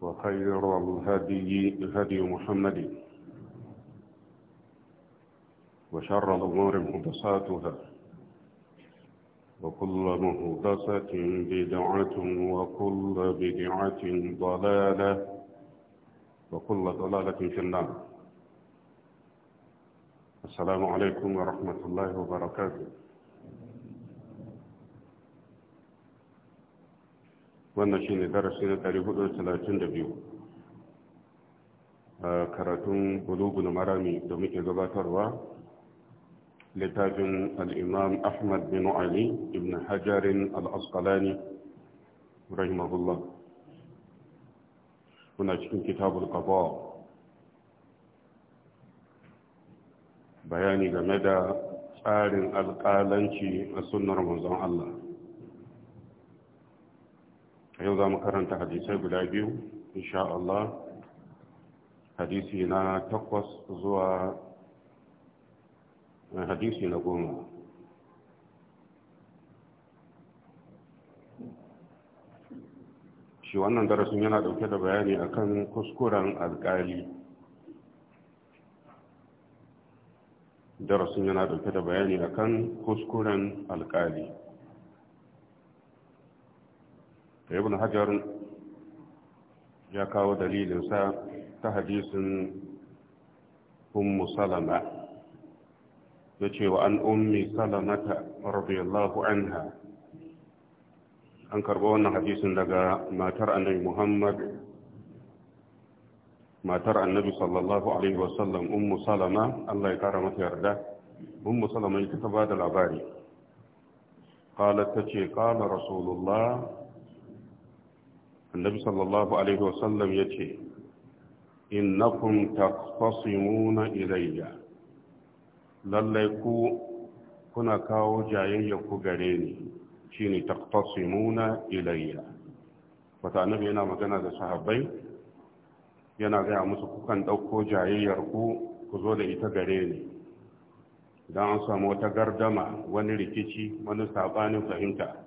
وخير الهدي هدي محمد وشر الأمور محدثاتها وكل محدثة بدعة وكل بدعة ضلالة وكل ضلالة في النار السلام عليكم ورحمة الله وبركاته wannan shine darasi na 432 karatun bulugul marami da muke gabatarwa littafin al'imam ahmad bin ali ibn hajarin al'asqalani rahimahullah muna cikin kitabul qada bayani game da tsarin alƙalanci a sunnar manzon Allah yau za mu karanta hadisai guda biyu insha Allah hadisi na takwas zuwa eh, hadisi na goma shi wannan darasin yana dauke da bayani akan kuskuren alkali darasin yana dauke da bayani akan kuskuren alkali ibn hajar ya kawo dalilinsa ta hadisin ummu salama ya ce wa an ummi salamata radiyallahu anha an karɓo wannan hadisin daga matar annabi muhammad matar annabi sallallahu alaihi wasallam ummu salama allah ya kara mata yarda ummu salama ita ta ba da labari قالت تشي قال رسول الله annabi sallallahu alaihi wasallam ya ce innakum taqtasimuna ilayya lallai ku kuna kawo jayayya ku gare ni shine ilayya wata annabi yana magana da sahabbai yana gaya musu kukan ɗauko jayayyar ku ku zo da ita gare ni idan an samu wata gardama wani rikici wani sabanin fahimta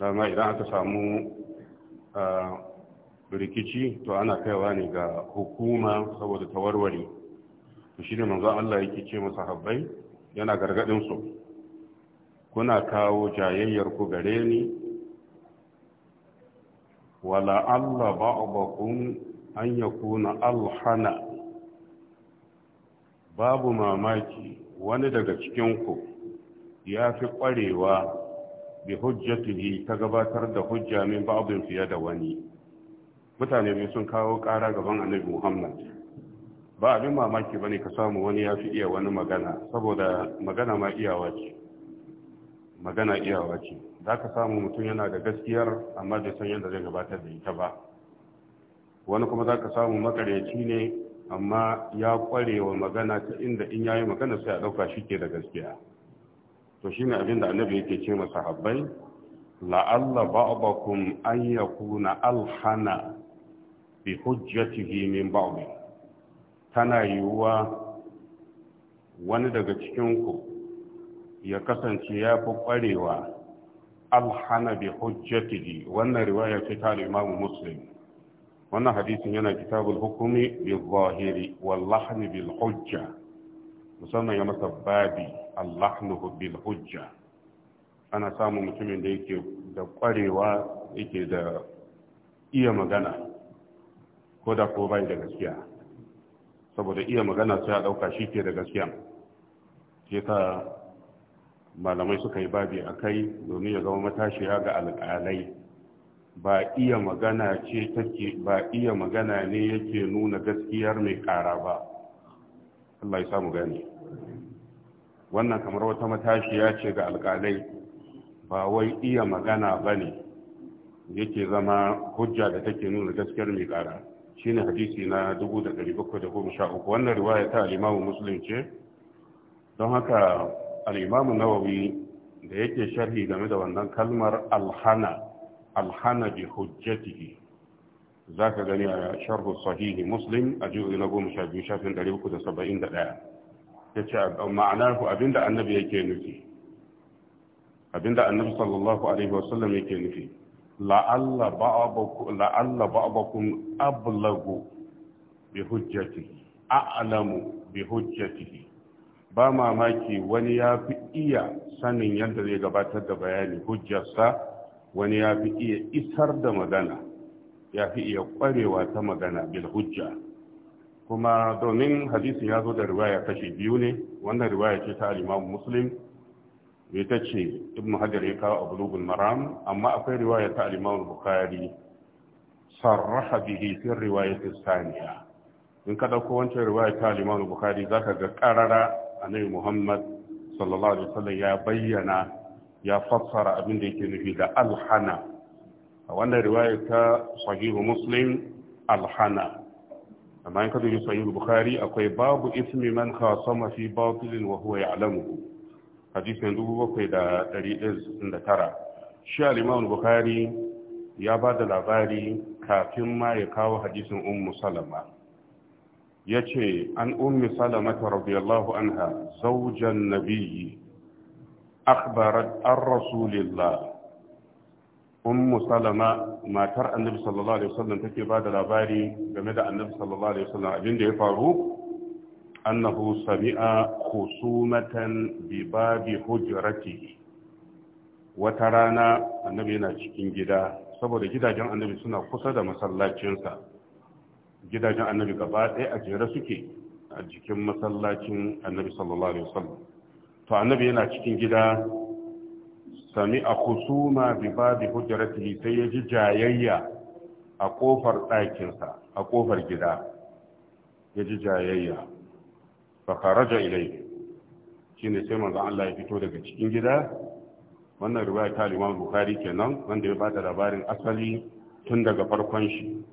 dama idan aka samu rikici to ana kaiwa ne ga hukuma saboda tawarware to shi ne manzo Allah yake ce masa habbai yana gargadin su kuna kawo jayayyar ku gare ni wala Allah ba'dakum an yakuna alhana babu mamaki wani daga cikin ku ya fi ƙwarewa bi hujjatihi ta gabatar da hujja min ba'dun fiye da wani mutane biyu sun kawo ƙara gaban annabi Muhammad ba abin mamaki bane ka samu wani ya fi iya wani magana saboda magana ma iyawa ce magana iyawa ce za ka samu mutum yana da gaskiyar amma bai san yadda zai gabatar da ita ba wani kuma za ka samu makaryaci ne amma ya ƙwarewa magana ta inda in yayi magana sai a ɗauka shi ke da gaskiya to shine abin da annabi yake ce masa habbai la'alla ba'dakum an yakuna alhana bi hujjatihi min ba'd tana yiwuwa wani daga cikin ku ya kasance ya fi kwarewa alhana bi hujjatihi wannan riwaya ce ta Imam Muslim wannan hadisin yana kitabul hukumi bi zahiri wal lahni bil hujja musamman ya masa babi allah bil hujja ana samun mutumin da yake da kwarewa yake da iya magana ko da ko bai da gaskiya saboda iya magana sai a ɗauka shi ke da gaskiya ke ta malamai suka yi babi a kai domin ya zama matashiya ga alƙalai ba iya magana ce take ba iya magana ne yake nuna gaskiyar mai ƙara ba Allah ya samu gani wannan kamar wata matashiya ce ga alƙalai ba wai iya magana ba ne yake zama hujja da take nuna gaskiyar mai ƙara shine hadisi na 1713 wannan riwaya ta al-Imam ce don haka al-Imam Nawawi da yake sharhi game da wannan kalmar alhana alhana bi hujjatihi za ka gani a sharhu sahihi muslim a juzi na goma sha biyu shafin ɗari uku da saba'in da ɗaya ya ce ma'ana ku abinda annabi yake nufi abinda annabi sallallahu alaihi wasallam yake nufi la'alla ba'abakum ablagu bi hujjatihi a'lamu bi hujjatihi ba mamaki wani ya fi iya sanin yadda zai gabatar da bayani hujjarsa wani ya fi iya isar da magana ya fi iya kwarewa ta magana bil hujja kuma domin hadisin ya zo da riwaya kashi biyu ne wannan riwaya ce ta al-Imam ita ce Ibn Hajar ya kawo a Bulughul Maram amma akwai riwaya ta Bukhari sarraha bihi fi ta Saniya. in ka dauko wancan riwaya ta al za ka ga karara annabi Muhammad sallallahu alaihi wasallam ya bayyana ya fassara abin da yake nufi da alhana a wannan riwayar ta sahihu muslim alhana amma in ka dubi sahihu bukhari akwai babu ismi man sama fi batilin wa huwa ya'lamu hadisin tara, shi al bukhari ya ba da labari kafin ma ya kawo hadisin ummu salama ya ce an ummi salama ta radiyallahu anha zaujan nabiyyi akhbarat an rasulillah ummu salama matar annabi sallallahu alaihi wasallam take ba da labari game da annabi sallallahu alaihi wasallam abin da ya faru annahu sami'a khusumatan bi babi wata rana annabi yana cikin gida saboda gidajen annabi suna kusa da masallacinsa gidajen annabi gaba ɗaya a jere suke a jikin masallacin annabi sallallahu alaihi wasallam to annabi yana cikin gida sami a kusuma bi babi hujjaratihi sai ya ji jayayya a kofar ɗakinsa a kofar gida ya ji jayayya fa kharaja shi shine sai manzan Allah ya fito daga cikin gida wannan riwaya ta Imam bukari kenan wanda ya bada labarin asali tun daga farkon shi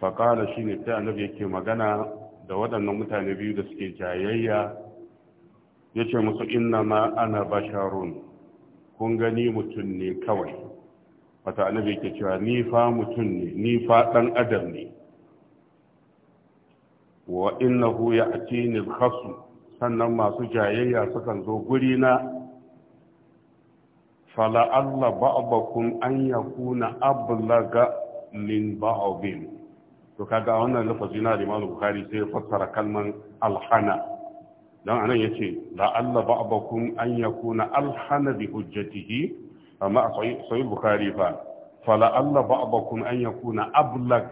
faƙala shi shine sai annabi yake magana da waɗannan mutane biyu da suke jayayya Ya ce musu inna ma ana basharun kun gani mutum ne kawai wata annabi yake cewa ni fa mutum ne ni fa dan adam ne wa innahu ya'tini al-khasm sannan masu jayayya sukan zo guri na fala Allah ba'dakum an yakuna ablaga min ba'dhin to kaga wannan lafazi na Imam Bukhari sai fassara kalman alhana don anan yace la'alla ba'dakum an yakuna alhana bi hujjatihi amma sahih bukhari fa ba ba'dakum an yakuna ablag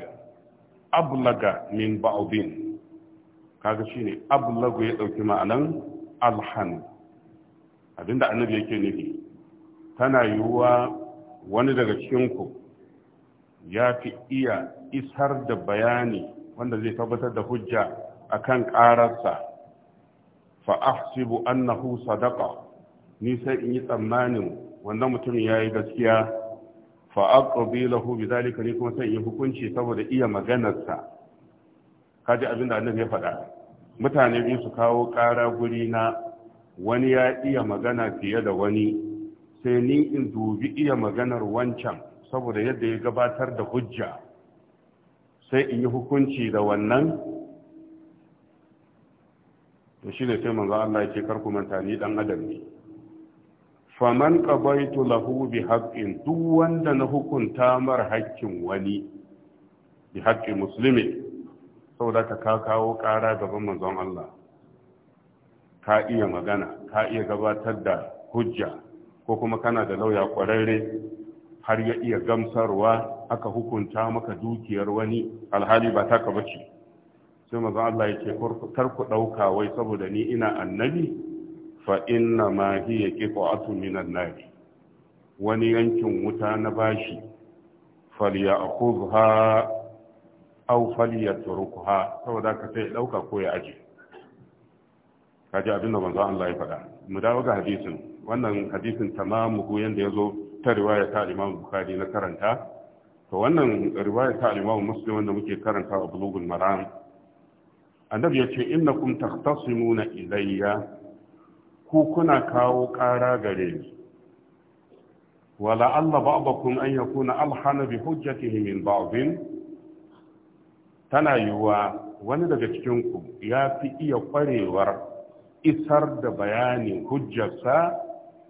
ablaga min ba'din kaga shine ablagu ya dauki ma'anan alhan abinda annabi yake nufi tana yiwuwa wani daga cikinku ya fi iya isar da bayani wanda zai tabbatar da hujja akan ƙararsa fa ahsibu annahu sadaqa ni sai in yi tsammanin wannan mutum ya yi gaskiya fa aqbi lahu bidhalika ni kuma sai in yi hukunci saboda iya maganarsa kaji abin da annabi ya faɗa mutane biyu su kawo ƙara guri na wani ya iya magana fiye da wani sai ni in dubi iya maganar wancan saboda yadda ya gabatar da hujja sai in yi hukunci da wannan to shi ne sai manzo Allah yake ce kar ku manta ni dan adam ne faman qabaitu lahu bi haqqin duk wanda na hukunta mar haƙƙin wani bi haƙƙi muslimi saboda ka ka kawo ƙara gaban manzon Allah ka iya magana ka iya gabatar da hujja ko kuma kana da lauya ƙwararre har ya iya gamsarwa aka hukunta maka dukiyar wani alhali ba ta ka bace sai manzo Allah ya ce kar ku ɗauka wai saboda ni ina annabi fa inna ma hiya qiqatu minan nar wani yankin wuta na bashi falyakhudha aw ha, saboda ka sai ɗauka ko ya aje kaji abin da manzo Allah ya faɗa mu dawo ga hadisin wannan hadisin tamamu ko yanda yazo ta riwaya ta Imam Bukhari na karanta to wannan riwaya ta Imam Muslim wanda muke karanta a bulugul Maram annabi ya ce kun takhtasimuna ilayya ku kuna kawo ƙara gare ni wala alla kun an yakuna alhana bi hujjatihi min ba'din tana yiwuwa wani daga cikin ku ya fi iya ƙwarewar isar da bayanin hujjarsa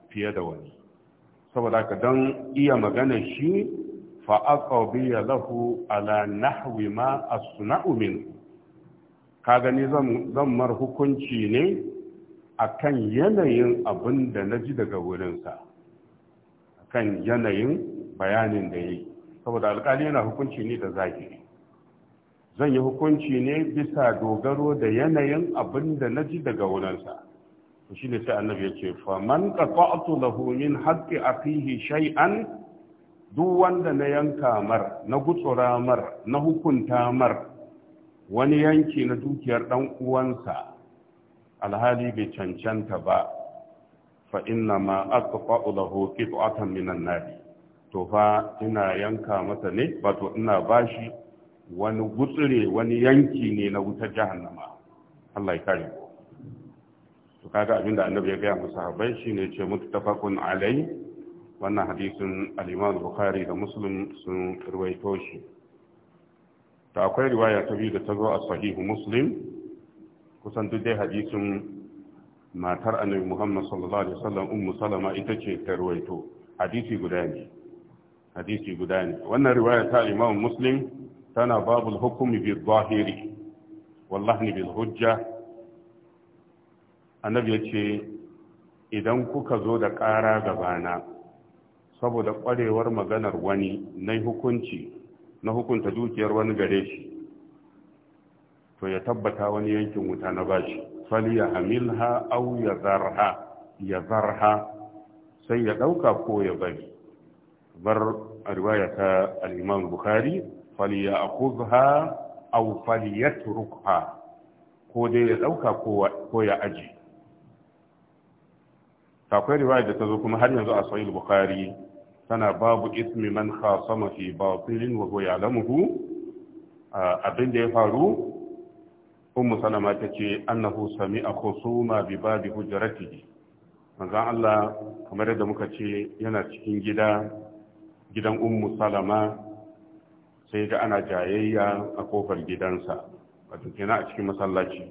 fiye da wani saboda ka don iya magana shi fa aqabiya lahu ala nahwi ma asna'u minhu ka gani zan mar hukunci ne akan yanayin abin da na ji daga wurinsa akan yanayin bayanin da ya yi saboda alkali yana hukunci ne da zahiri zan yi hukunci ne bisa dogaro da yanayin abin da na ji daga wurinsa shi ne sai annabi ya ce faman qata'tu lahu min haqqi akhihi shay'an duk wanda na yanka mar na gutsura mar na hukunta mar wani yanki na dukiyar ɗan uwansa alhali bai cancanta ba fa inna ma aqfa'u lahu qit'atan minan nari to fa ina yanka masa ne wato ina bashi wani gutsure wani yanki ne na wutar jahannama Allah ya kare ku to kaga abinda annabi ya gaya masa habai shine ce muttafaqun alai wannan hadisin al-Imam Bukhari da Muslim sun ruwaito shi ta akwai riwaya ta biyu da ta zo a sahihu muslim kusan duk dai hadisin matar annabi muhammad sallallahu alaihi wasallam ummu salama ita ce ta ruwaito hadisi guda ne hadisi guda ne wannan riwaya ta imam muslim tana babu hukumi bi zahiri wallahi bil hujja annabi ya ce idan kuka zo da ƙara gabana saboda ƙwarewar maganar wani na hukunci na hukunta dukiyar wani gare shi to ya tabbata wani yankin wuta na bashi fali ya hamil ha au ya zarha ya zarha sai ya ɗauka ko ya bari bar a riwaya ta al'imam bukari fali ya ha au fali ya turukha ko dai ya ɗauka ko ya aji akwai riwaya da ta zo kuma har yanzu a sahih bukari tana babu ismi man khasama fi batilin wa huwa ya'lamuhu abin da ya faru ummu salama tace annahu sami'a khusuma bi babi hujratihi manzon Allah kamar yadda muka ce yana cikin gida gidan ummu salama sai ga ana jayayya a kofar gidansa wato kenan a cikin masallaci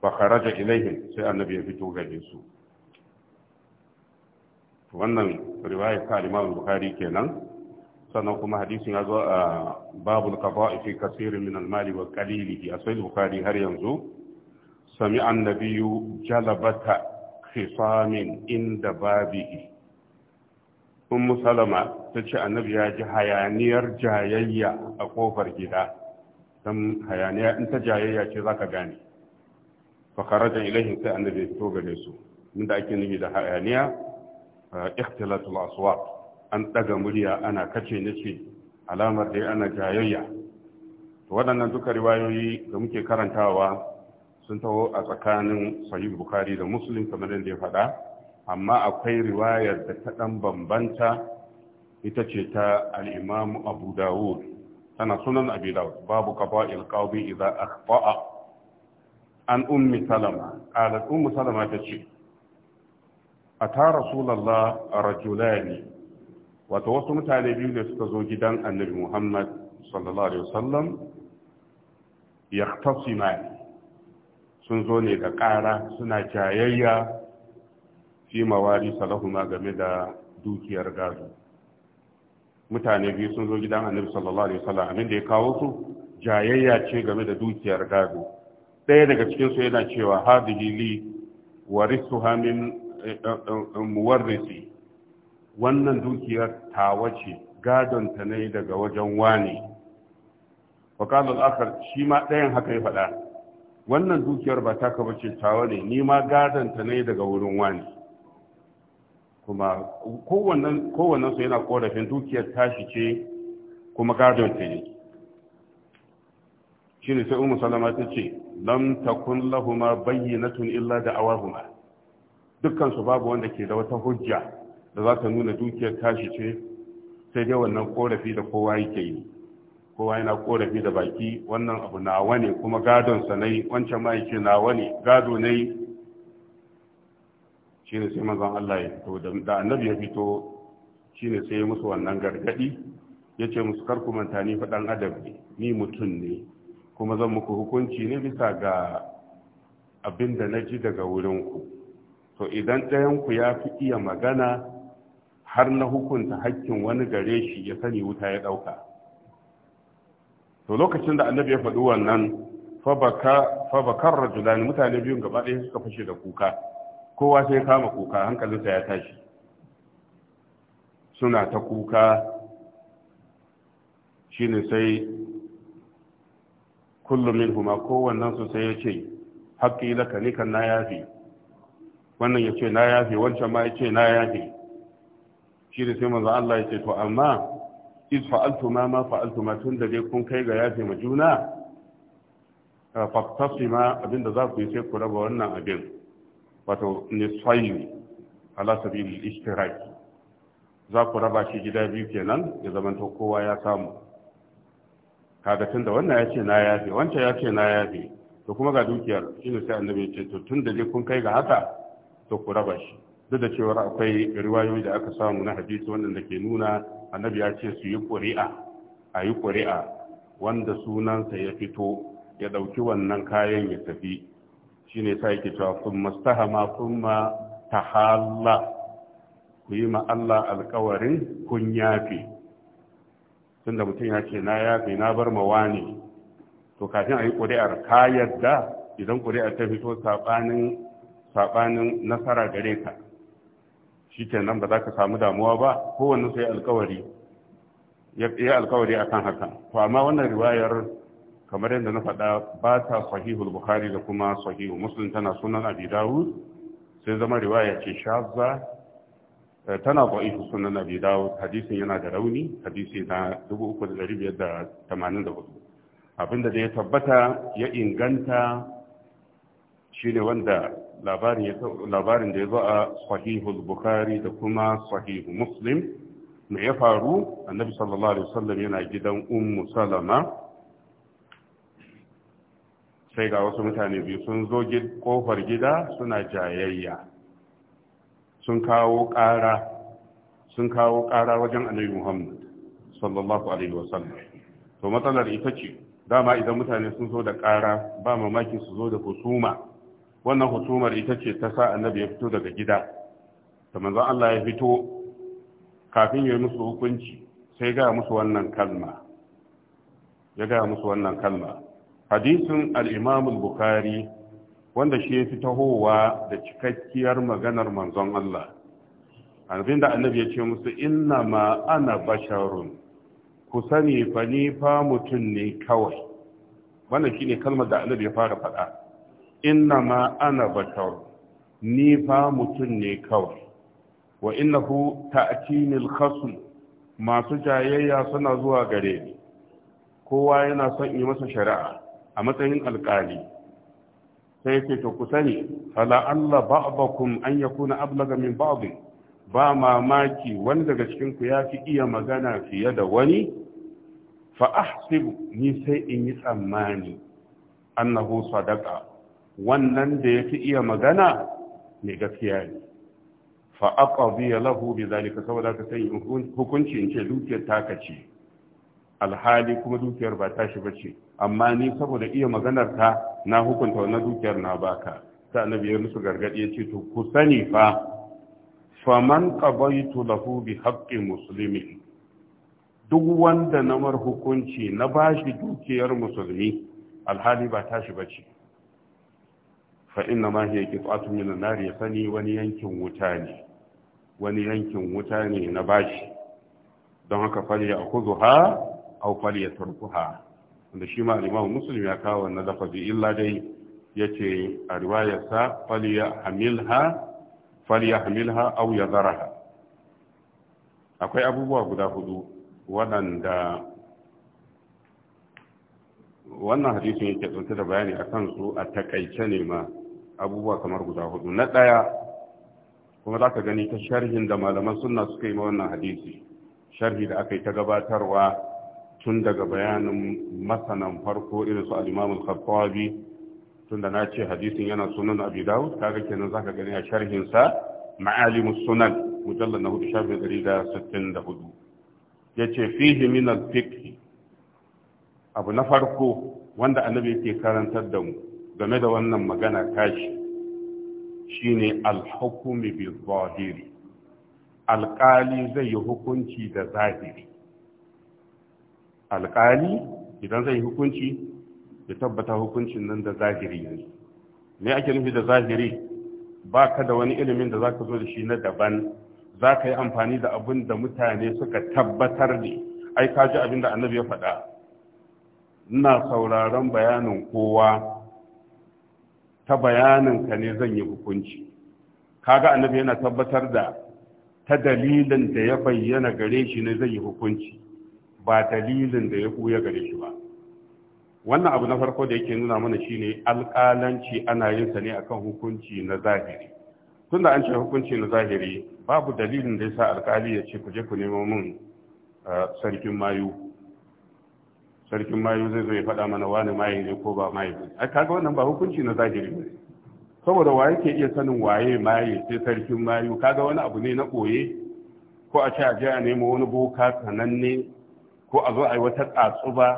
fa kharaja ilaihim sai annabi ya fito gare su wannan riwayar ta Imam Bukhari kenan sannan kuma hadisin ya zo a babul qada'i fi kaseerin min al-mali wa qalilihi a sahih Bukhari har yanzu sami annabiyu jalabata khisamin inda babihi ummu salama ta ce annabi ya ji hayaniyar jayayya a kofar gida Dan hayaniya in ta jayayya ce zaka ka gane kharaja ilahin sai annabi ya fito gare su inda ake nufi da hayaniya ikhtilatul aswa an daga murya ana kace ce alamar dai ana jayayya to waɗannan duka riwayoyi da muke karantawa sun taho a tsakanin sahih bukhari da muslim kamar yadda ya faɗa amma akwai riwayar da ta ɗan bambanta ita ce ta al-imam abu dawud tana sunan abi dawud babu qaba'il qawbi idza akhta'a an ummi salama qalat ummu salama ta ce. a ta rasulallah a rajulani wato wasu mutane biyu ne suka zo gidan annabi muhammad sallallahu alaihi wasallam ya sun zo ne da ƙara suna jayayya fi mawari salahuma game da dukiyar gado mutane biyu sun zo gidan annabi sallallahu alaihi wasallam Amin da ya kawo su jayayya ce game da dukiyar gado ɗaya daga cikin su yana cewa hadhihi li warithuha min muwarrisi wannan dukiyar tawace ce gadon ta ne daga wajen wani fakalul akar shi ma ɗayan haka ya faɗa wannan dukiyar ba taka bace tawa ne ni ma gadon ta ne daga wurin wani kuma kowannen kowannen su yana korafin dukiyar tashi ce kuma gadon ta ne shine sai ummu salama ta ce lam takun lahuma bayyinatun illa awahuma dukkansu babu wanda ke da wata hujja da za ta nuna dukiyar tashi ce sai dai wannan korafi da kowa yake yi kowa yana korafi da baki wannan abu nawa ne kuma gadon sa nai wancan ma yake nawa ne gado nai shine sai manzon Allah ya fito da annabi ya fito shine sai ya musu wannan gargadi yace musu kar ku manta ni fadan ne ni mutum ne kuma zan muku hukunci ne bisa ga abin da na ji daga wurinku to idan ɗayanku ya fi iya magana har na hukunta hakkin wani gare shi ya sani wuta ya ɗauka to lokacin da annabi ya faɗi wannan fabakar rajulani mutane biyun gaba ɗaya suka fashe da kuka kowa sai ya kama kuka hankalinsa ya tashi suna ta kuka shine sai kullum min huma kowannensu sai ya ce haƙƙi laka ni kan na yafi wannan ya ce na yafe wancan ma ya ce na yafe shi da sai manzo Allah ya ce to amma iz fa'altu ma ma fa'altu ma tun da dai kun kai ga yafe ma juna faqtasima abinda za ku yi sai ku raba wannan abin wato nisfaini ala sabilil ishtirak za ku raba shi gida biyu kenan ya to kowa ya samu kaga tun da wannan ya ce na yafe wancan ya ce na yafe to kuma ga dukiyar shine sai annabi ya ce to tun da dai kun kai ga haka to ku raba shi duk da cewar akwai riwayoyi da aka samu na hadisi wadanda ke nuna annabi ya ce su yi ƙuri'a a yi ƙuri'a wanda sunansa ya fito ya ɗauki wannan kayan ya tafi shine sa yake cewa sun mastahama sun ma tahalla ku yi ma Allah alkawarin kun yafe tunda mutum ya ce na yafe na bar ma wani, to kafin a yi ƙuri'ar ka yadda idan ƙuri'ar ta fito saɓanin saɓanin nasara gare ka shi nan ba za ka samu damuwa ba kowanne sai alkawari ya yi alkawari a kan haka to amma wannan riwayar kamar yadda na faɗa ba ta sahihul bukhari da kuma sahihul muslim tana sunan abi dawud sai zama riwaya ce shazza eh, tana da'ifu sunan abi dawud hadisin yana da rauni hadisi na 3584 abinda da ya tabbata ya inganta shine wanda labarin da ya zo a sahihul bukhari da kuma sahihu muslim me ya faru annabi sallallahu alaihi wasallam yana gidan ummu salama sai ga wasu mutane biyu sun zo kofar gida suna jayayya sun kawo ƙara sun kawo ƙara wajen annabi muhammad sallallahu alaihi wasallam to matsalar ita ce dama idan mutane sun zo da ƙara ba mamaki su zo da husuma wannan husumar ita ce ta sa annabi ya fito daga gida da manzon Allah ya fito kafin ya yi musu hukunci sai ga musu wannan kalma ya ga musu wannan kalma hadisin al-Imam al-Bukhari wanda shi ya fi da cikakkiyar maganar manzon Allah abinda annabi ya ce musu inna ma ana basharun ku sani fa ni fa mutum ne kawai wannan shine kalmar da annabi ya fara faɗa inna ma ana bashar ni fa mutum ne kawai wa innahu ta'tini al-khasm masu jayayya suna zuwa gare ni kowa yana son yi masa shari'a a matsayin alƙali sai ce to ku sani fala Allah ba'dakum an yakuna ablaga min ba'd ba mamaki wanda daga cikin ku yafi iya magana fiye da wani fa ahsib ni sai in yi tsammani annahu sadaqa wannan da ya fi iya magana mai gaskiya ne fa'aƙabi ya lahu bi zalika saboda ka sai hukunci in ce dukiyar taka al alhali kuma dukiyar ba tashi ba ce amma ni saboda iya maganar ta na hukunta wannan dukiyar na baka ta annabi ya musu gargaɗi ya ce to ku sani fa Fa man qabaitu lahu bi haqqi muslimin duk wanda na mar hukunci na bashi dukiyar musulmi alhali ba tashi bace fa inna ma hiya qit'atun min an nari ya sani wani yankin wuta ne wani yankin wuta ne na bashi don haka fal ya akhudha aw fal ya turkuha wanda shi ma al-Imam ya kawo wannan lafazi illa dai yace a riwayarsa fal ya hamilha fal ya hamilha aw akwai abubuwa guda hudu waɗanda wannan hadisin yake ɗauke da bayani akan su a takaice ne ma abubuwa kamar guda hudu na ɗaya kuma za ka gani ta sharhin da malaman sunna suka yi wannan hadisi sharhi da aka yi ta gabatarwa tun daga bayanin masanan farko irin su al-imam al-khattabi tunda na ce hadisin yana sunan abi dawud kaga kenan zaka gani a sharhin sa ma'alimus sunan mujallad na hudu shafin ɗari da sittin da hudu yace fihi min al abu na farko wanda annabi yake karantar da mu game da wannan magana kashi shine al-hukmi bi zahiri alƙali zai yi hukunci da zahiri alƙali idan zai yi hukunci ya tabbata hukuncin nan da zahiri ne me ake nufi da zahiri ba ka da wani ilimin da za ka zo da shi na daban za ka yi amfani da abin da mutane suka tabbatar ne ai ka ji abin da annabi ya faɗa ina sauraron bayanin kowa ta bayaninka ne zan yi hukunci kaga annabi yana tabbatar da ta dalilin da ya bayyana gare shi ne zai yi hukunci ba dalilin da ya kuya gare shi ba wannan abu na farko da yake nuna mana shine alƙalanci ana yin sa ne akan hukunci na zahiri Tun da an ce hukunci na zahiri babu dalilin da yasa alƙali ya ce ku je ku nemo min eh, sarkin mayu sarkin mayu zai zo ya faɗa mana wani maye ne ko ba maye ne a kaga wannan ba hukunci na zahiri ne saboda waye ke iya sanin waye maye sai sarkin mayu kaga wani abu ne na koye ko a ce a je a nemo wani boka sananne ko a zo a yi wata tsatsuba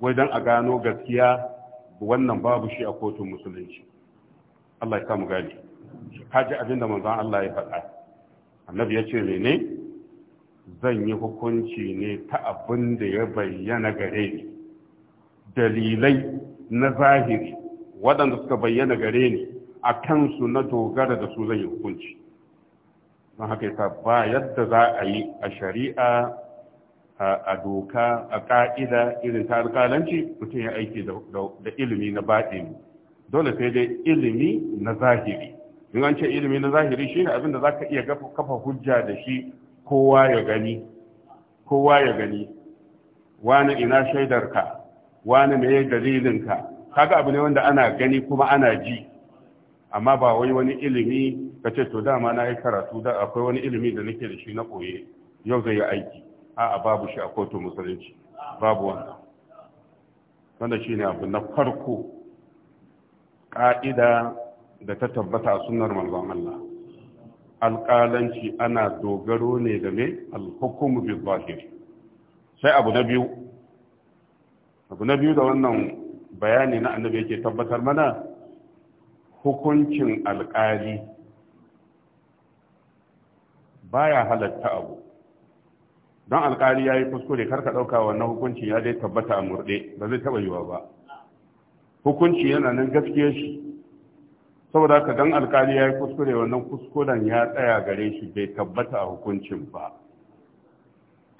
wai don a gano gaskiya wannan babu shi a kotun musulunci Allah ya samu gani ka ji abin da manzon Allah ya faɗa annabi ya ce ne. zan yi hukunci ne ta abin da ya bayyana gare ni dalilai na zahiri waɗanda suka bayyana gare ni a kansu na dogara da su zan yi hukunci don haka yasa ba yadda za a yi a shari'a a doka a ƙa'ida irin ta alƙalanci mutum ya aiki da ilimi na baɗini dole sai dai ilimi na zahiri in an ce ilimi na zahiri shine abin da za ka iya kafa hujja da shi kowa ya gani kowa ya gani wani ina shaidarka wani me dalilinka kaga abu ne wanda ana gani kuma ana ji amma ba wai wani ilimi ka ce to dama na yi karatu da akwai wani ilimi da nake da shi na koye yau zai yi aiki a'a babu shi a kotun musulunci babu wannan wanda shine abu na farko ƙa'ida da ta tabbata a sunnar manzon Allah alƙalanci ana dogaro ne da me alhukumu bi zahiri sai abu na biyu abu na biyu da wannan bayani na annabi yake tabbatar mana hukuncin alƙali baya halatta abu don alƙali ya yi kuskure karka ɗauka wannan hukuncin ya dai tabbata a murɗe ba zai taɓa yiwa ba hukunci yana nan gaskiyar shi saboda ka dan alkali ya yi kuskure wannan kuskuren ya tsaya gare shi bai tabbata a hukuncin ba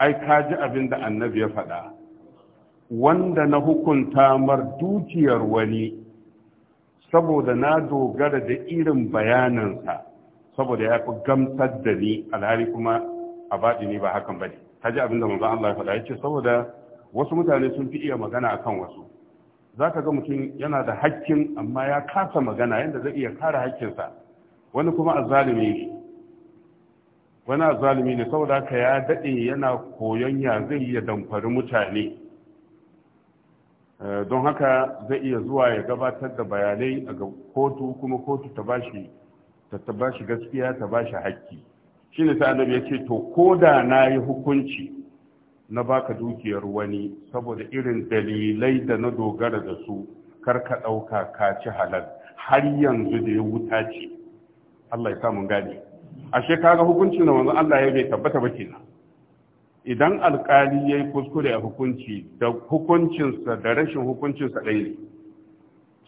ai ka ji abin da annabi ya faɗa wanda na hukunta mar dukiyar wani saboda na dogara da irin bayanansa saboda ya fi gamsar da ni alhari kuma a baɗi ne ba hakan ba ne Ka ji abin da manzo Allah ya faɗa ya ce saboda wasu mutane sun fi iya magana akan wasu za ka ga mutum yana da hakkin amma ya kasa magana yadda zai iya kare hakkinsa wani kuma azzalumi wani zalimi ne saboda ka ya daɗe yana koyon ya zai iya damfari mutane eh, don haka zai iya zuwa ya gabatar da bayanai a ga kotu kuma kotu ta bashi ta bashi gaskiya ta bashi hakki shi ne sa'adar ya ce to ko da na yi hukunci na baka dukiyar wani saboda irin dalilai da na dogara da su kar ka ɗauka ka ci halal har yanzu da ya wuta ce Allah ya samu gani ashe kaga hukuncin da wanzu Allah ya bai tabbata ba kenan idan alkali ya yi kuskure a hukunci da hukuncinsa da rashin hukuncinsa ɗaya ne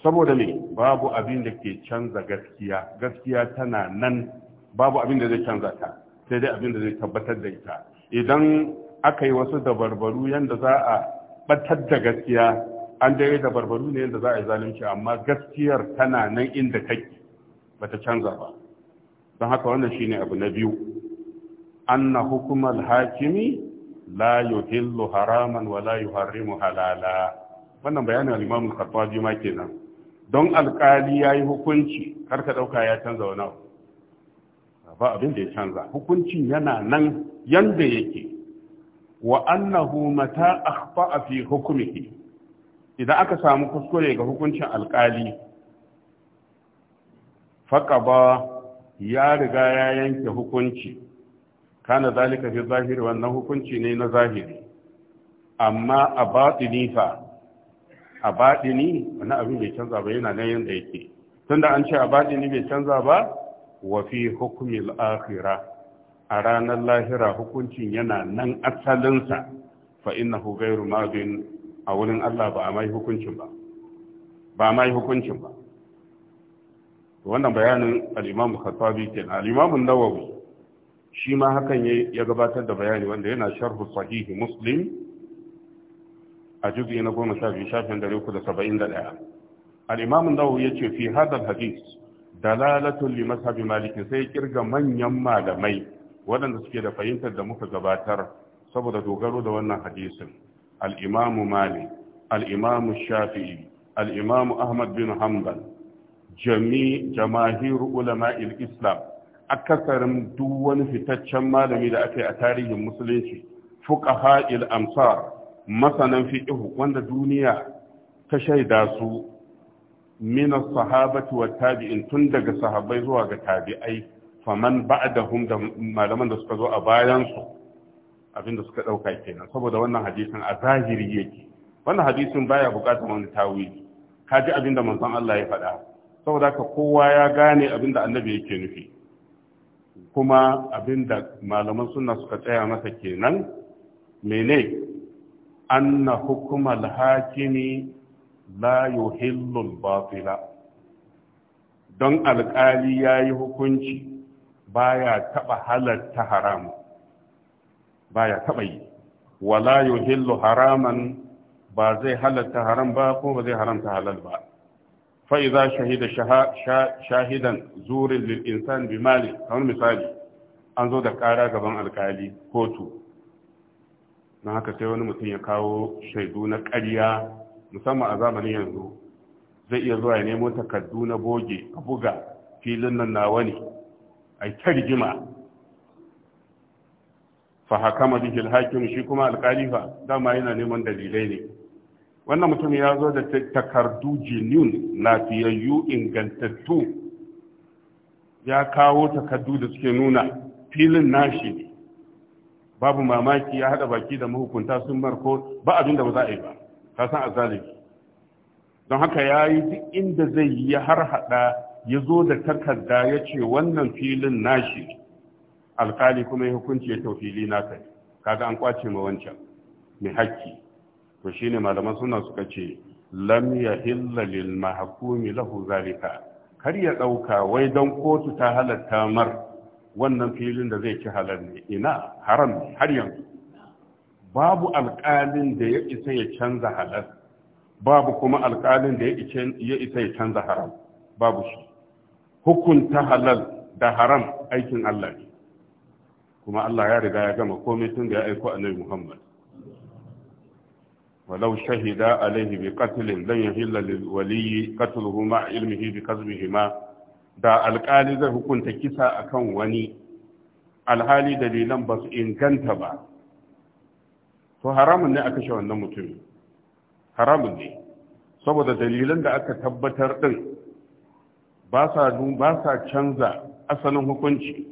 saboda me babu abin da ke canza gaskiya gaskiya tana nan babu abin da zai canza ta sai dai abin da zai tabbatar da ita idan aka yi wasu dabarbaru yadda za a batar da gaskiya an dai dabarbaru ne yadda za a yi zalunci amma gaskiyar tana nan inda ba bata canza ba don haka wannan shine abu na biyu anna hukumar hakimi la yuhillu haraman wa la yuharrimu halala wannan bayanin al-imam al-khattabi ma kenan don alkali yayi hukunci kar dauka ya canza wani abu ba abin da ya canza hukuncin yana nan yanda yake wa annahu mata akhfa'a fi hukmihi idan aka samu kuskure ga hukuncin alkali faqaba ya riga ya yanke hukunci kana zalika fi zahiri wannan hukunci ne na zahiri amma a batini fa a batini wani abin bai canza ba yana nan yanda yake tunda an ce a batini bai canza ba wa fi hukmil akhirah a ranar lahira hukuncin yana nan asalinsa fa innahu ghairu madin a wurin Allah ba a mai hukuncin ba ba mai hukuncin ba wannan bayanin al-Imam ke kenan al-Imam Nawawi shi ma hakan ya gabatar da bayani wanda yana sharhu sahihi Muslim a juz'i na goma sha biyu shafin ɗaya. al-Imam Nawawi ce fi hadal Da dalalatu li mazhabi malik sai kirga manyan malamai waɗanda suke da fahimtar da muka gabatar saboda dogaro da wannan hadisin Al'imamu imamu malik shafi'i Al'imamu ahmad bin hanbal jami jamahir ulama'il islam akasarin duk wani fitaccen malami da aka yi a tarihin musulunci fuqaha amsar masanan fiƙihu. wanda duniya ta shaida su min as-sahabati tabi'in tun daga sahabbai zuwa ga tabi'ai faman ba'dahum da malaman da suka zo a bayan su da suka dauka kenan saboda wannan hadisin a zahiri yake wannan hadisin baya bukatar wani tawili kaji abinda manzon Allah ya faɗa saboda ka kowa ya gane abin da annabi yake nufi kuma abin da malaman sunna suka tsaya masa kenan mene anna hukumal hakimi la yuhillu batila don alkali ya yi hukunci baya taba halatta haram baya taba yi wala yuhillu haraman ba zai halatta haram ba ko ba zai haramta halal ba fa idza shahida shahidan zurin lil insan bi mali kamar misali an zo da kara gaban alkali kotu na haka sai wani mutum ya kawo shaidu na ƙarya musamman a zamanin yanzu zai iya zuwa ya nemo takardu na boge a buga filin nan nawa ne ai tarjuma fa hakama bihi al-hakim shi kuma alƙali fa dama yana neman dalilai ne wannan mutum ya zo da takardu genuine lafiyayyu ingantattu ya kawo takardu da suke nuna filin nashi babu mamaki ya haɗa baki da mahukunta sun marko ba abin da ba za a yi ba ka san azalibi don haka ya yi duk inda zai yi har haɗa ya zo da takarda ya ce wannan filin nashi alkali kuma ya hukunci ya taufili naka kaga an kwace ma wancan mai haƙƙi to shi ne malaman suna suka ce lam yahilla lil lahu zalika kar ya ɗauka wai don kotu ta halatta mar wannan filin da zai ci halar ne ina haram ne har yanzu babu alƙalin da ya isa ya canza halar babu kuma alƙalin da ya isa ya canza haram babu shi hukunta halal da haram aikin Allah ne kuma Allah ya riga ya gama komai tun da ya aiko annabi Muhammad ولو شهد عليه بقتل لن يحل a قتله مع علمه hima? da alkali zai hukunta kisa akan wani alhali dalilan ba su inganta ba to haramun ne a kashe wannan mutumin haramun ne saboda dalilan da aka tabbatar din ba sa ba sa canza asalin hukunci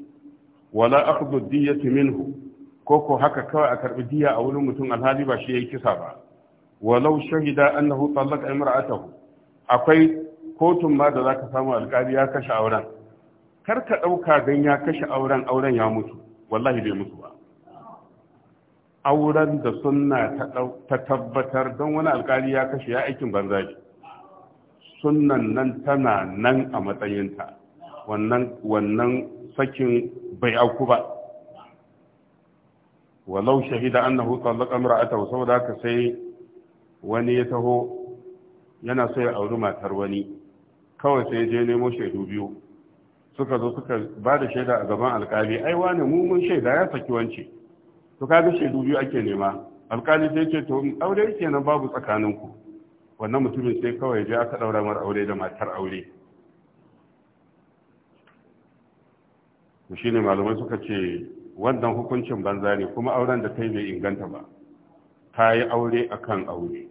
wala akhdhu diyyati minhu ko ko haka kawai a karbi diya a wurin mutum alhali ba shi yayi kisa ba walau shahida annahu talaqa imra'atahu akwai kotun ma da zaka samu alƙali ya kashe auren kar ka dauka dan ya kashe auren auren ya mutu wallahi bai mutu ba auren da sunna ta tabbatar don wani alƙali ya kashe ya aikin banza sunnan nan tana nan a matsayinta wannan wannan sakin bai auku ba walau shahida annahu tallaqa imra'atahu saboda ka sai wani ya taho yana so ya auri matar wani kawai sai je nemo shaidu biyu suka zo suka ba da shaida a gaban alkali ai wani mun shaida ya saki wance to kaga shaidu biyu ake nema alkali sai ce to aure nan babu tsakaninku wannan mutumin sai kawai ji aka daura mar aure da matar aure shi ne malamai suka ce wannan hukuncin banza ne kuma auren da ta yi bai inganta ba ta yi aure a kan aure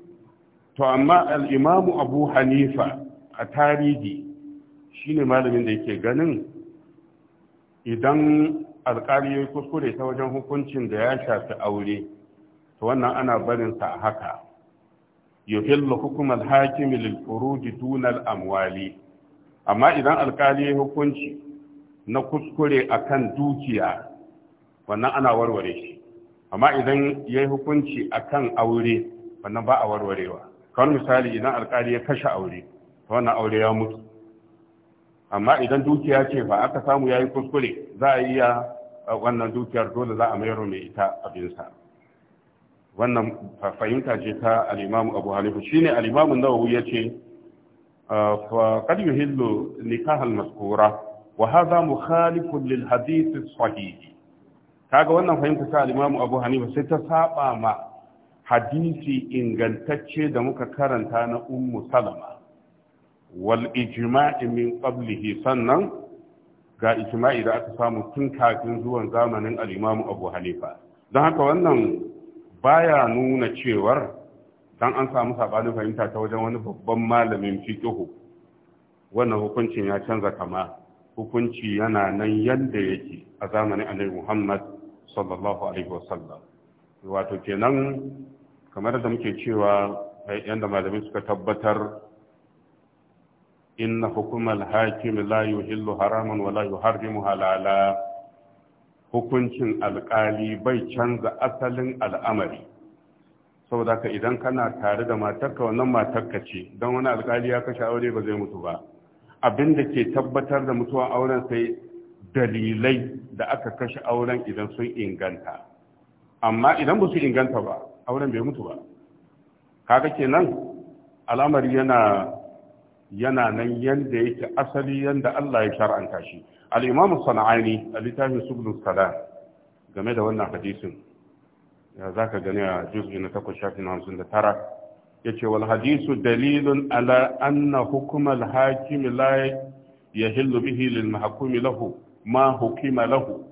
to amma al'imamu abu hanifa a tarihi shi ne malamin da yake ganin idan alƙari ya yi kuskure ta wajen hukuncin da ya shafi aure to wannan ana barinsa a haka yuhillu hukum al-hakim lil furuji duna al-amwali amma idan alkali ya hukunci na kuskure akan dukiya wannan ana warware shi amma idan ya yi hukunci akan aure wannan ba a warwarewa kamar misali idan alkali ya kashe aure wannan aure ya mutu amma idan dukiya ce ba aka samu ya yi kuskure za a iya wannan dukiyar dole za a mayar mai ita abinsa. wannan fahimta ce ta al'imamu abu hanifu shi ne al'imamun nawawi ya ce ah, faƙar yi hillo nikahal maskura wa haza mukhalifun lil hadisi sahihi kaga wannan fahimta ta al'imamu abu hanifu sai ta saba ma hadisi ingantacce da muka karanta na ummu salama wal ijma'i min qablihi sannan ga ijma'i da aka samu tun kafin zuwan zamanin al'imamu abu Halifa. don haka wannan baya nuna cewar dan an samu sabanin fahimta ta wajen wani babban malamin fiqh wannan hukuncin ya canza kama hukunci yana nan yadda yake a zamanin annabi Muhammad sallallahu alaihi wasallam wato kenan kamar da muke cewa eh, yanda malamin suka tabbatar inna hukumal hakim la yuhillu haraman wa la yuharrimu halala hukuncin alkali bai canza asalin al'amari saboda ka idan kana tare da matarka wannan matarka ce don wani alkali ya kashe aure ba zai mutu ba abin da ke tabbatar da mutuwan auren sai dalilai da aka kashe auren idan sun inganta amma idan ba su inganta ba auren bai mutu ba kaga kenan al'amari yana yana nan yanda yake asali yanda Allah ya shar'anta shi al-imam sana'ani a littafin subul salam game da wannan hadisin ya za ka gani a juz'i na takwas, shafin hamsin da tara? Ya ce wal hadisu dalilun ala anna hukm al-hakim la yahillu bihi lil mahkum lahu ma hukima lahu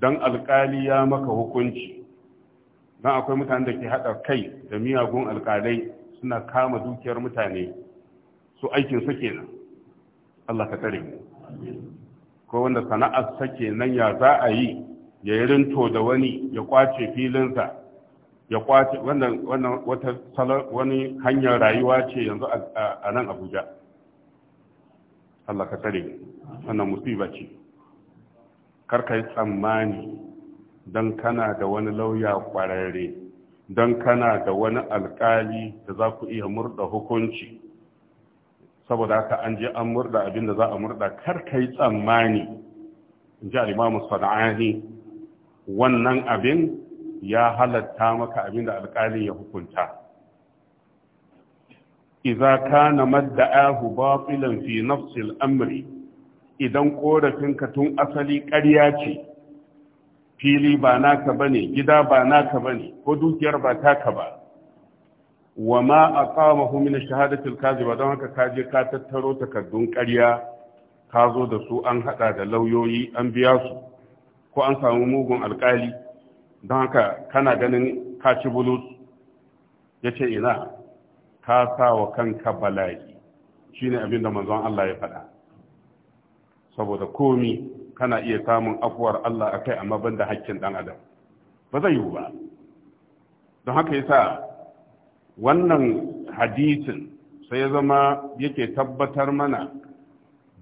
don alkali ya maka hukunci Don akwai mutanen da ke hada kai da miyagun alkalai suna kama dukiyar mutane su aikin su kenan Allah ka tsare mu ko wanda sana'arsa kenan ya za a yi ya yi rinto da wani ya kwace filinsa ya kwace wannan wata wani hanyar rayuwa ce yanzu a nan abuja Allah ka tsare wannan musiba ce karka yi tsammani don kana da wani lauya kwararre don kana da wani alkali da za ku iya murda hukunci saboda haka an je an murda abin da za a murda kar ka yi tsammani in ji alimamu sana'ani wannan abin ya halatta maka abin da alƙalin ya hukunta iza kana ahu batilan fi nafsil amri idan korafinka tun asali ƙarya ce fili ba naka bane gida ba naka bane ko dukiyar ba taka ba wa ma aqamahu min shahadati al-kaziba don haka ka je ka tattaro takardun ƙarya ka zo da su an haɗa da lauyoyi an biya su ko an samu mugun alƙali don haka kana ganin ka ci bulus yace ina ka sa wa kanka bala'i shine abinda manzon Allah ya faɗa saboda komi kana iya samun afuwar Allah akai amma banda hakkin ɗan adam ba zai yiwu ba don haka yasa wannan hadisin sai ya zama yake tabbatar mana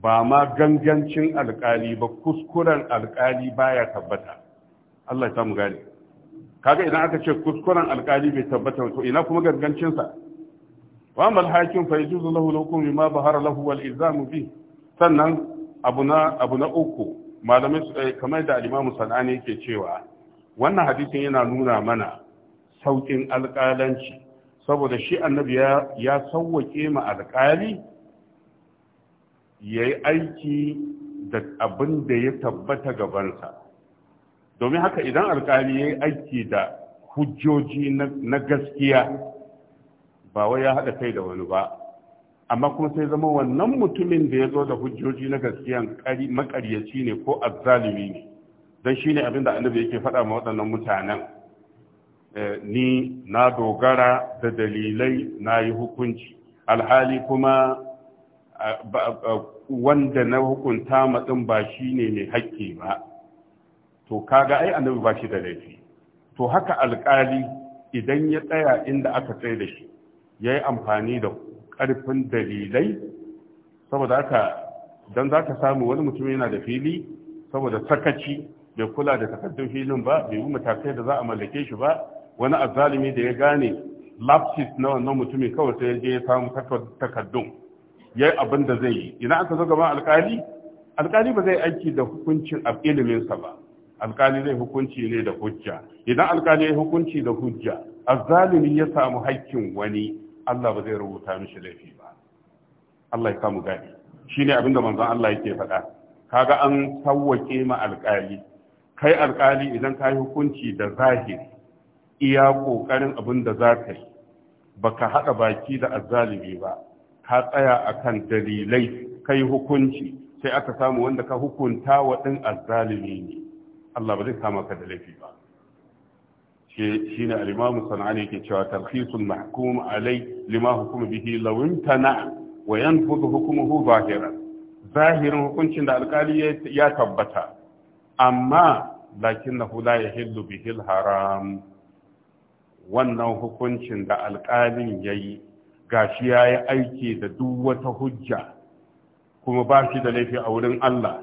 ba ma gangancin alkali ba kuskuren alkali baya tabbata Allah ya samu gane kaga idan aka ce kuskuren alkali bai tabbata to ina kuma gangancin sa wa mal hakim fa yajuzu lahu lakum bima bahara lahu wal ilzam bi sannan abu na abu na uku malamai eh, kamar da al-Imam Sanani yake cewa wannan hadisin yana nuna mana saukin alkalanci saboda shi annabi ya sauwake ma alƙali ya yi aiki da abin da ya tabbata gabansa domin haka idan alƙali ya yi aiki da hujjoji na gaskiya ba wai ya haɗa kai da wani ba amma kuma sai zama wannan mutumin da ya zo da hujjoji na gaskiya makaryaci ne ko azzalimi ne don shi ne abin da annabi yake faɗa ma waɗannan mutanen Eh, ni na dogara da dalilai na yi hukunci alhali kuma wanda na hukunta matsin ba shi ne mai haƙƙi ba to kaga ai annabi ba shi da laifi to haka alkali idan ya tsaya inda aka tsaye da shi ya yi amfani da ƙarfin dalilai saboda haka don za ka samu wani mutum yana da fili saboda sakaci bai kula da takardun filin ba bai yi matakai da za a mallake shi ba wani azalimi da ya gane lapsis na wannan mutumin kawai sai ya je ya samu takaddun ya yi abin da zai yi ina aka zo gaban alkali alkali ba zai aiki da hukuncin a iliminsa ba alkali zai hukunci ne da hujja idan alkali ya hukunci da hujja azzalimi ya samu haƙƙin wani Allah ba zai rubuta mishi laifi ba Allah ya samu gani shine abin da manzon Allah yake faɗa kaga an sawwake ma alkali kai alkali idan ka yi hukunci da zahiri iya ƙoƙarin abin da za ka yi ba ka haɗa baki da azzalimi ba ka tsaya a kan dalilai kai hukunci sai aka samu wanda ka hukunta wa ɗin azzalimi ne Allah ba zai kama ka da laifi ba shi ne alimamu sana'ani ke cewa tarhisul mahkum alai lima hukuma bihi lawin tana wa 'yan yanfudu hukumuhu zahiran zahirin hukuncin da alkali ya tabbata amma lakin na hula ya yahillu bihil haram wannan hukuncin da alƙalin ya yi gashi ya yi aiki da duk wata hujja kuma ba shi da laifi a wurin Allah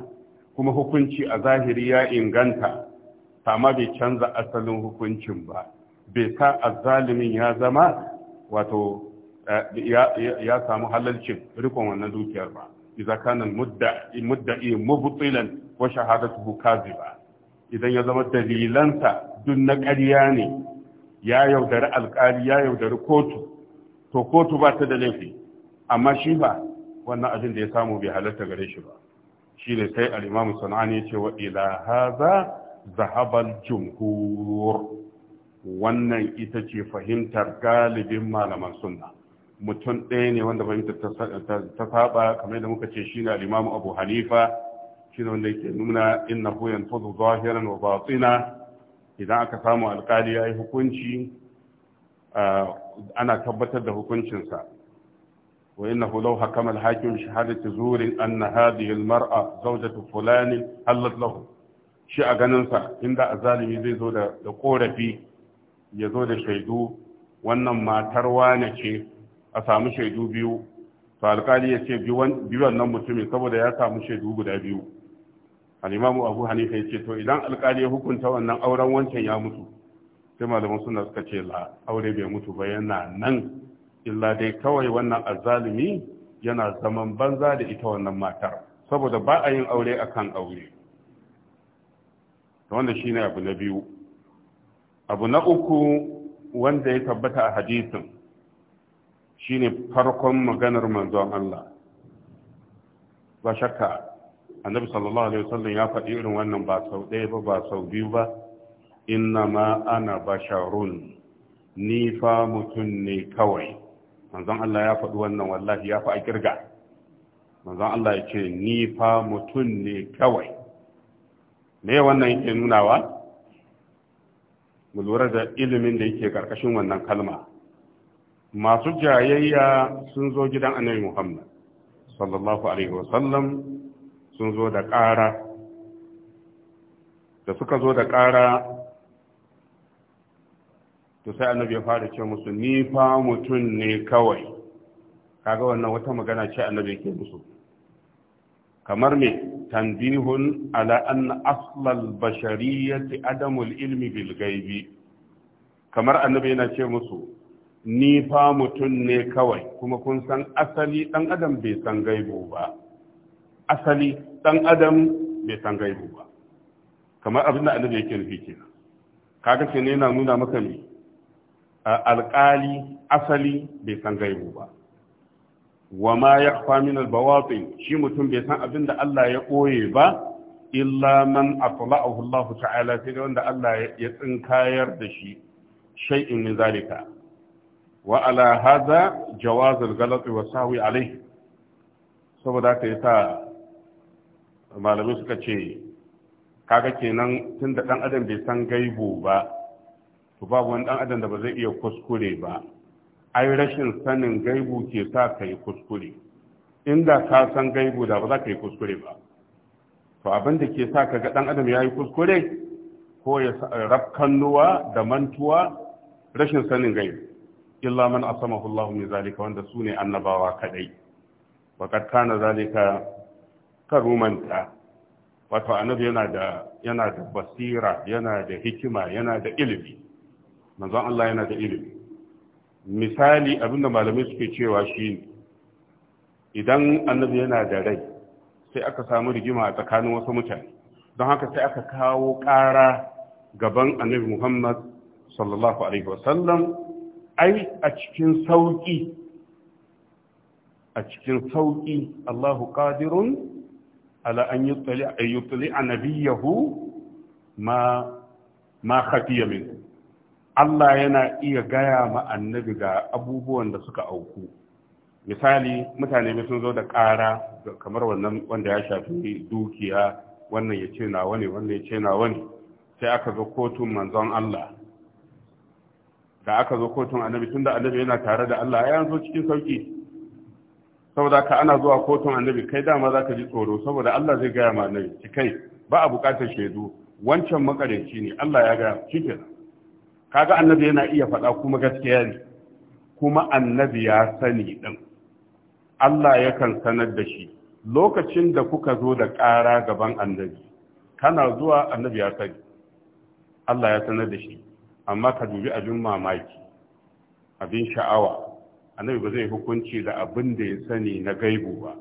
kuma hukunci a zahiri ya inganta amma bai canza asalin hukuncin ba bai sa azzalimin ya zama wato eh, ya samu halalcin rikon wannan dukiyar ba idza kana mudda'i mubtilan wa shahadatuhu kaziba idan ya zama dalilansa duk na ƙarya ne ya yaudari alkali ya yaudari kotu to kotu ba ta da laifi amma shi ba wannan abin da ya samu bai halatta gare shi ba shi ne sai al'imamu sana'ani ya ce wa ila haza zahabal jumhur wannan ita ce fahimtar galibin malaman sunna mutum ɗaya ne wanda fahimtar ta saba kamar da muka ce shi ne al'imamu abu hanifa shi ne wanda yake nuna inna huyan fudu zahiran wa batina idan aka samu alkali ya yi hukunci ana tabbatar da hukuncinsa wa inna law hakama hakim shahadatu zurin anna hadhihi al-mar'a zawjatu fulan halat shi a ganin sa inda azalimi zai zo da da korafi ya zo da shaidu wannan matar wane ce a samu shaidu biyu to alkali ya ce bi wannan mutumin saboda ya samu shaidu guda biyu al'imamu abu hanifa ya ce to idan alkali ya hukunta wannan auren wancan ya mutu sai malaman suna suka ce la aure bai mutu ba yana nan illa dai kawai wannan azalimi yana zaman banza da ita wannan matar saboda ba a yin aure akan aure wanda shine abu na biyu abu na uku wanda ya tabbata a hadisin shine farkon maganar manzon Allah ba shakka annabi sallallahu alaihi wasallam ya faɗi irin wannan ba sau ɗaya ba ba sau biyu ba inna ma ana basharun ni fa mutum ne kawai manzon Allah ya faɗi wannan wallahi ya fa a kirga manzon Allah ya ce ni fa mutum ne kawai me wannan yake nunawa mu lura da ilimin da yake karkashin wannan kalma masu jayayya sun zo gidan annabi Muhammad sallallahu alaihi wasallam sun zo da ƙara da suka zo da ƙara to sai annabi ya fara ce musu ni fa mutum ne kawai kaga wannan wata magana ce annabi ke musu kamar me tanbihun ala anna aslal bashariyati adamul ilmi bil gaibi kamar annabi yana ce musu ni fa mutum ne kawai kuma kun san asali ɗan adam bai san gaibo ba asali dan adam bai san gaibu ba kamar abin da annabi yake nufi kenan kaga ke ne yana nuna maka ne alƙali asali bai san gaibu ba wa ma yakhfa min shi mutum bai san abin da Allah ya koye ba illa man atla'ahu Allah ta'ala sai da wanda Allah ya tsinkayar da shi shay'in min zalika wa ala hadha jawaz al-ghalat wa sahwi alayhi saboda ka yasa malamai suka ce kaga kenan tun da ɗan adam bai san gaibo ba to babu wani ɗan adam da ba zai iya kuskure ba ai rashin sanin gaibu ke sa ka yi kuskure inda ka san gaibu da ba za ka yi kuskure ba to abin da ke sa ka ga ɗan adam ya yi kuskure ko ya da mantuwa rashin sanin gaibu illa man asamahu Allahu min zalika wanda sune annabawa kadai wa kad kana zalika karumanta wato annabi yana da yana da basira yana da hikima yana da ilimi manzon Allah yana da ilimi misali abinda malamai suke cewa shi idan annabi yana da rai sai aka samu rigima a tsakanin wasu mutane don haka sai aka kawo ƙara gaban annabi Muhammad sallallahu alaihi wasallam ai a cikin sauki a cikin sauki Allahu qadirun ala an yutsali a nabiyahu ma ma khafiya min Allah yana iya gaya ma annabi ga abubuwan da suka auku misali mutane ne sun zo da ƙara kamar wannan wanda ya shafi dukiya wannan ya ce na wani wannan ya ce na wani sai aka zo kotun manzon Allah da aka zo kotun annabi tunda annabi yana tare da Allah ya zo cikin sauki saboda ka ana zuwa kotun annabi kai dama za ka ji tsoro saboda Allah zai gaya ma annabi ki kai ba a buƙatar shaidu wancan makaranci ne Allah ya gaya shi kaga annabi yana iya faɗa kuma gaskiya ne kuma annabi ya sani din Allah yakan sanar da shi lokacin da kuka zo da ƙara gaban annabi kana zuwa annabi ya sani Allah ya sanar da shi amma ka dubi abin mamaki abin sha'awa annabi ba zai hukunci da abin da ya sani na gaibu ba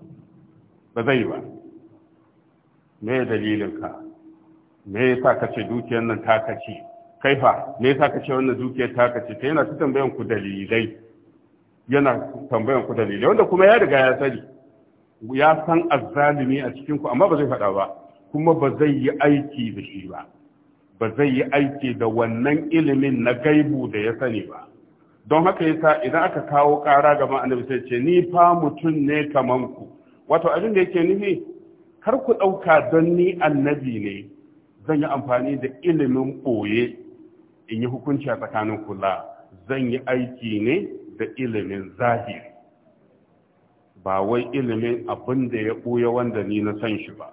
ba zai ba me dalilin ka me yasa ka ce dukiyar nan ta kace kaifa me yasa ka ce wannan dukiyar ta kace ta yana tambayan ku dalilai yana tambayan ku dalilai wanda kuma ya riga ya sani ya san azzalimi a cikin ku amma ba zai faɗa ba kuma ba zai yi aiki da shi ba ba zai yi aiki da wannan ilimin na gaibu da ya sani ba don haka yasa idan aka kawo ƙara ga annabi sai ce ni fa mutum ne kaman ku wato abin da yake nufi kar ku ɗauka don ni annabi ne zan yi amfani da ilimin ɓoye in yi hukunci a tsakanin kula zan yi aiki ne da ilimin zahiri ba wai ilimin abin da ya ɓoye wanda ni na san shi ba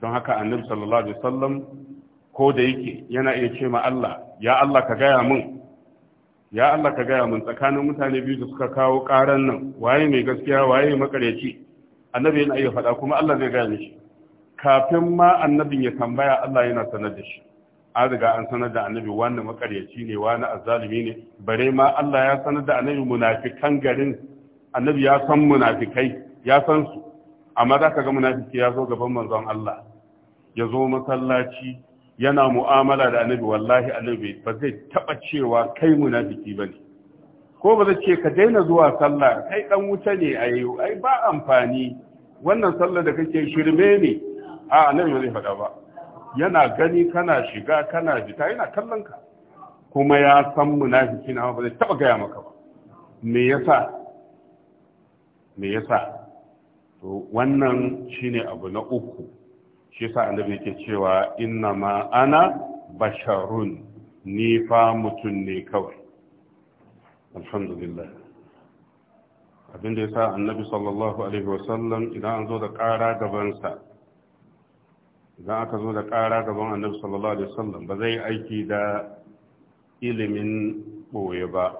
don haka annabi sallallahu alaihi wasallam ko da yake yana iya ce ma Allah ya Allah ka gaya mun ya Allah ka gaya mun tsakanin mutane biyu da suka kawo karan nan waye mai gaskiya waye makareci annabi yana iya faɗa kuma Allah zai gaya shi. kafin ma annabin ya tambaya Allah yana sanar da shi an riga an sanar da annabi wani makareci ne wani azzalimi ne bare ma Allah ya sanar da annabi munafikan garin annabi ya san munafikai ya san su amma za ka ga munafiki ya zo gaban manzon Allah ya zo masallaci yana mu'amala da annabi wallahi annabi ba zai taba cewa kai munafiki bane ko ba zai ce ka daina zuwa sallah kai dan wuta ne ayo ai ba amfani wannan sallah da kake shirme ne a annabi zai faɗa ba yana gani kana shiga kana fita yana kallon ka kuma ya san munafiki na ba zai taba gaya maka ba me yasa me yasa to wannan shine abu na uku shi sa annabi yake cewa inna ma ana basharun ni fa mutum ne kawai alhamdulillah abinda ya sa annabi sallallahu alaihi wasallam idan an zo da ƙara gabansa idan aka zo da ƙara gaban annabi sallallahu alaihi wasallam ba zai aiki da ilimin ɓoye ba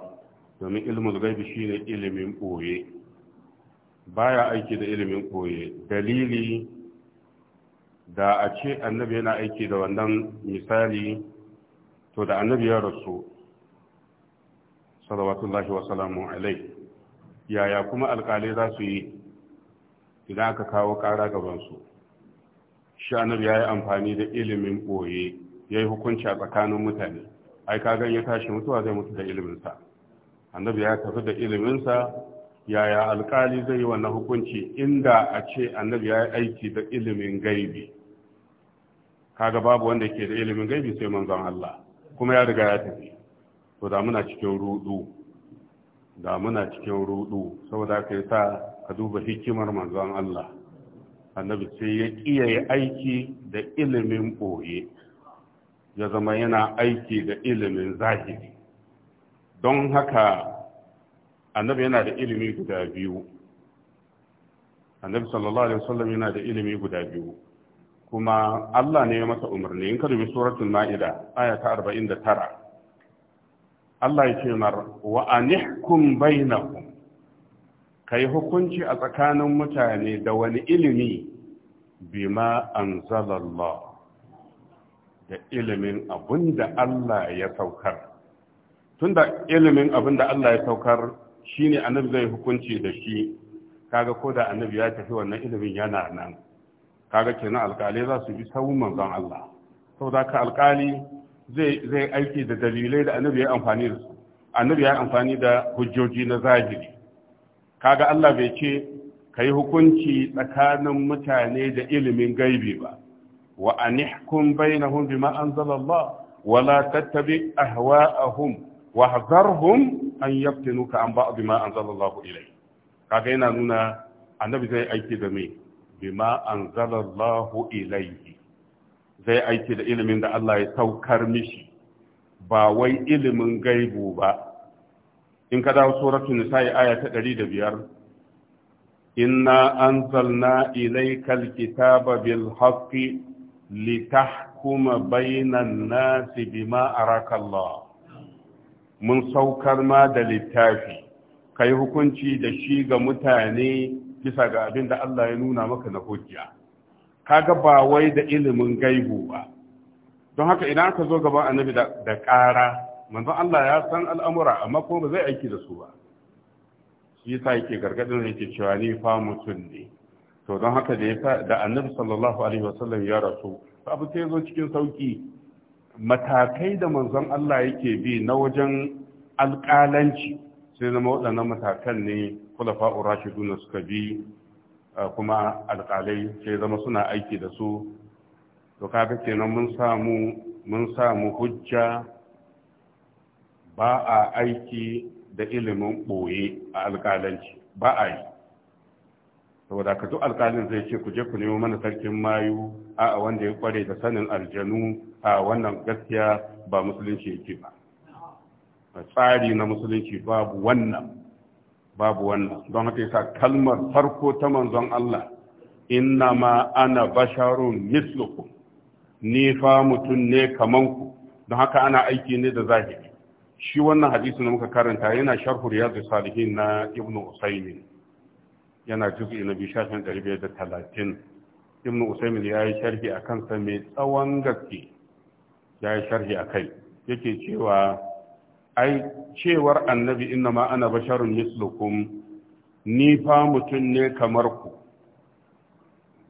domin ilimin gaibi ne ilimin ɓoye Ba ya aiki da ilimin ɓoye dalili da a ce annabi yana aiki da wannan misali to da annabi ya rasu salawatullahi wasalamu alai yaya kuma alkalai za su yi idan aka kawo ƙara gabansu shi annabi ya yi amfani da ilimin ɓoye ya yi hukunci a tsakanin mutane ai kagan ya tashi mutuwa zai mutu da iliminsa annabi ya tafi da iliminsa yaya alkali zai yi wannan hukunci inda a ce annabi ya yi aiki da ilimin gaibi kaga babu wanda ke da ilimin gaibi sai manzon Allah kuma ya riga ya tafi to da muna cikin rudu da muna cikin rudu saboda kai sa ka duba hikimar manzon Allah annabi sai ya kiyaye aiki da ilimin boye ya zama yana aiki da ilimin zahiri don haka annabi yana da ilimi guda biyu annabi sallallahu alaihi wasallam yana da ilimi guda biyu kuma Allah ne ya masa umarni in ka dubi suratul ma'ida aya ta 49 Allah ya ce mar wa anihkum bainakum kai hukunci a tsakanin mutane da wani ilimi bima anzalallah da ilimin abinda Allah ya saukar tunda ilimin abinda Allah ya saukar shine annabi zai hukunci da shi kaga ko da annabi ya tafi wannan ilimin yana nan kaga kenan alkalai za su bi sawun manzon Allah saboda ka alkali zai zai aiki da dalilai da annabi ya amfani da su annabi ya amfani da hujjoji na zahiri kaga Allah bai ce kai hukunci tsakanin mutane da ilimin gaibi ba wa anihkum bainahum bima anzalallah wala tattabi ahwa'ahum wahzarhum an yaftinuka an ba'd ma anzalallahu ilayk kaga yana nuna annabi zai aiki da mai bima anzalallahu ilaihi zai aiki da ilimin da Allah ya saukar mishi ba wai ilimin gaibu ba in ka dawo suratul nisa'i aya ta 105 inna anzalna ilaykal kitaba bil haqqi litahkuma bainan nasi bima araka Allah mun saukar ma da littafi kai hukunci da shi ga mutane bisa ga abin da Allah ya nuna maka na hujja kaga ba wai da ilimin gaibu ba don haka idan aka zo gaban annabi da ƙara manzo Allah ya san al'amura amma ko ba zai aiki da su ba shi yasa yake gargadin da yake cewa ni fa mutum ne to don haka da yasa da annabi sallallahu alaihi wasallam ya rasu abu sai zo cikin sauki matakai da manzon Allah yake bi na wajen alƙalanci sai zama waɗannan matakan ne kulafa'ur rashidun suka bi kuma alƙalai sai zama suna aiki da su to kaga kenan mun samu mun samu hujja ba a aiki da ilimin ɓoye a alƙalanci ba a yi saboda ka duk alƙalin zai ce ku je ku nemo mana sarkin mayu a wanda ya kware da sanin aljanu a wannan gaskiya ba musulunci yake ba tsari na musulunci babu wannan babu wannan don haka yasa kalmar farko ta manzon Allah inna ma ana basharun mislukum ni fa mutun ne kaman ku don haka ana aiki ne da zahiri shi wannan hadisi da muka karanta yana sharhu riyadus salihin na ibnu usaymin yana juz'i na bi shafin 30 ibnu usaymin ya yi sharhi akan sa mai tsawon gaske ya yi sharhi akai yake cewa ai cewar annabi inna ma ana basharun mislukum ni fa mutum ne kamar ku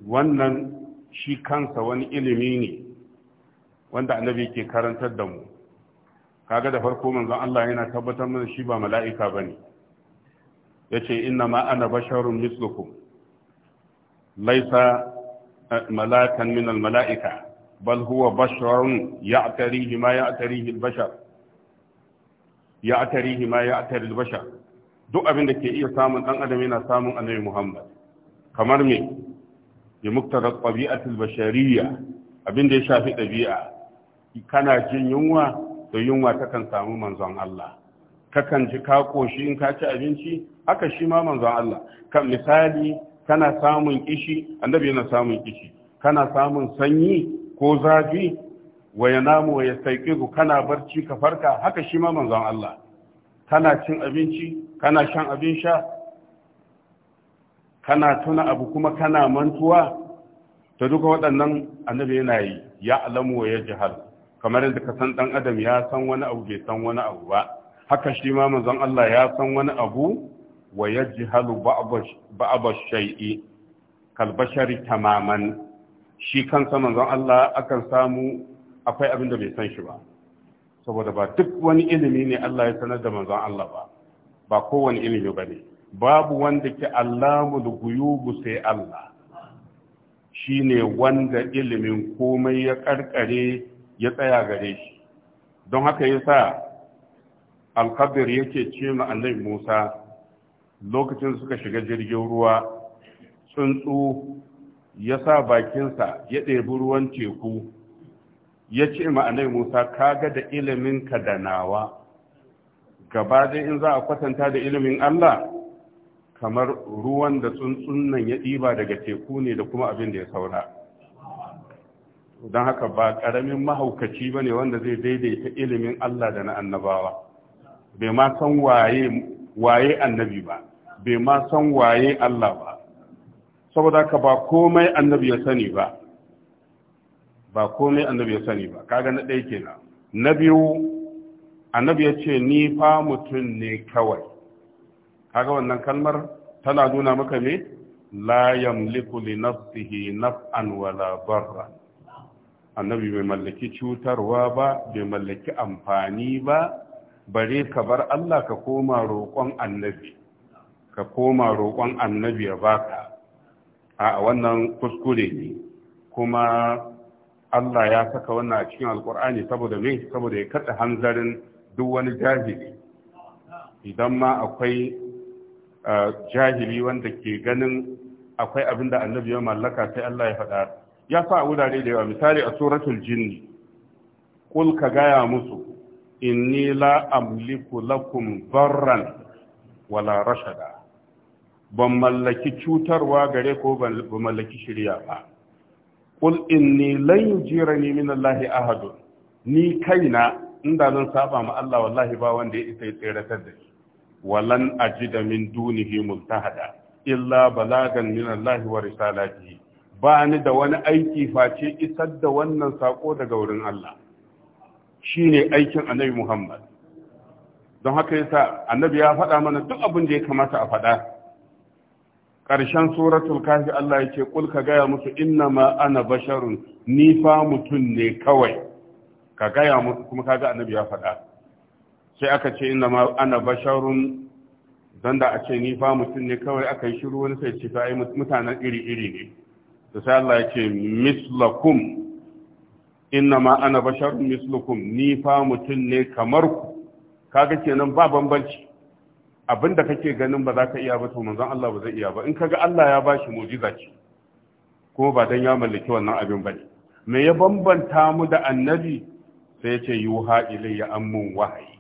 wannan shi kansa wani ilimi ne wanda annabi ke karantar da mu kaga da farko manzon Allah yana tabbatar mana shi ba mala'ika bane yace inna ma ana basharun mislukum laisa eh, malakan min al mala'ika bal huwa basharun ya'tarihi ma ya'tarihi al bashar ya atarihi ma ya atari albasha duk abin da ke iya samun dan adam yana samun annabi Muhammad kamar me bi muktada tabi'atul bashariyya abin da ya shafi ɗabi'a kana jin yunwa to yunwa takan samu manzon Allah kakan ji ka koshi in ka ci abinci haka shi ma manzon Allah kan misali kana samun kishi annabi yana samun kishi kana samun sanyi ko zafi wa namu wa ku kana barci ka farka haka shi ma manzon Allah kana cin abinci kana shan abin sha kana tuna abu kuma kana mantuwa ta duka waɗannan annabi yana yi ya alamu wa ya jihar kamar yadda ka san ɗan adam ya san wani abu bai san wani abu ba haka shi ma manzon Allah ya san wani abu wa ya jihalu ba'aba shay'i kalbashari tamaman shi kansa manzon Allah akan samu akwai abin da bai san shi ba saboda ba duk wani ilimi ne Allah ya sanar da manzon Allah ba ba kowane ilimi ba ne babu wanda ke allamul guyubu sai Allah shi ne wanda ilimin komai ya karkare ya tsaya gare shi don haka yasa alkabir yake ce ma annabi Musa lokacin suka shiga jirgin ruwa tsuntsu ya sa bakinsa ya ɗebi ruwan teku ya ce ma annabi Musa kaga da ilimin ka da nawa gaba dai in za a kwatanta da ilimin Allah kamar ruwan da tsuntsun ya ɗiba daga teku ne da kuma abin da ya saura don haka ba ƙaramin mahaukaci ba ne wanda zai daidaita ilimin Allah da na annabawa bai ma san waye annabi ba bai ma san waye Allah ba saboda ka ba komai annabi ya sani ba ba komai annabi ya sani ba kaga na ɗaya kenan na biyu annabi ya ce ni fa mutum ne kawai kaga wannan kalmar tana nuna maka ne? la yamliku li nafsihi naf'an wala barra annabi bai mallaki cutarwa ba bai mallaki amfani ba bare ka bar Allah ka koma roƙon annabi ka koma roƙon annabi ya baka a wannan kuskure ne kuma Allah ya saka wannan a cikin alkur'ani saboda me saboda ya kada hanzarin duk wani jahili idan ma akwai jahili wanda ke ganin akwai abin da annabi ya mallaka sai Allah ya faɗa ya sa a wurare da yawa misali a suratul jinni Kulka ka gaya musu inni la amliku lakum barran wala rashada ban mallaki cutarwa gare ko ban mallaki shirya ba qul inni jirani yujirani min allahi ahad ni kaina inda zan saba ma Allah wallahi ba wanda ya isa ya tseratar da ni walan ajida min dunihi multahada illa balagan min Allah wa risalatihi ba ni da wani aiki face isar da wannan sako daga wurin Allah shine aikin Annabi Muhammad don haka yasa Annabi ya faɗa mana duk abin da ya kamata a faɗa ƙarshen suratul kafi Allah yake kul ka gaya musu inna ma ana basharun ni fa mutum ne kawai ka gaya musu kuma kaga annabi ya faɗa sai aka ce inna ma ana basharun dan da a ce ni fa mutum ne kawai aka yi shiru wani sai ce ai mutanen iri iri ne to sai Allah yake mislakum inna ma ana basharun mislakum ni fa mutum ne kamar ku kaga kenan ba bambanci abin da kake ganin ba za ka iya ba to manzon Allah ba zai iya ba in kaga Allah ya bashi mu'jiza ce kuma ba dan ya mallaki wannan abin bane me ya bambanta mu da annabi sai ya ce yuha ilayya ammun wahayi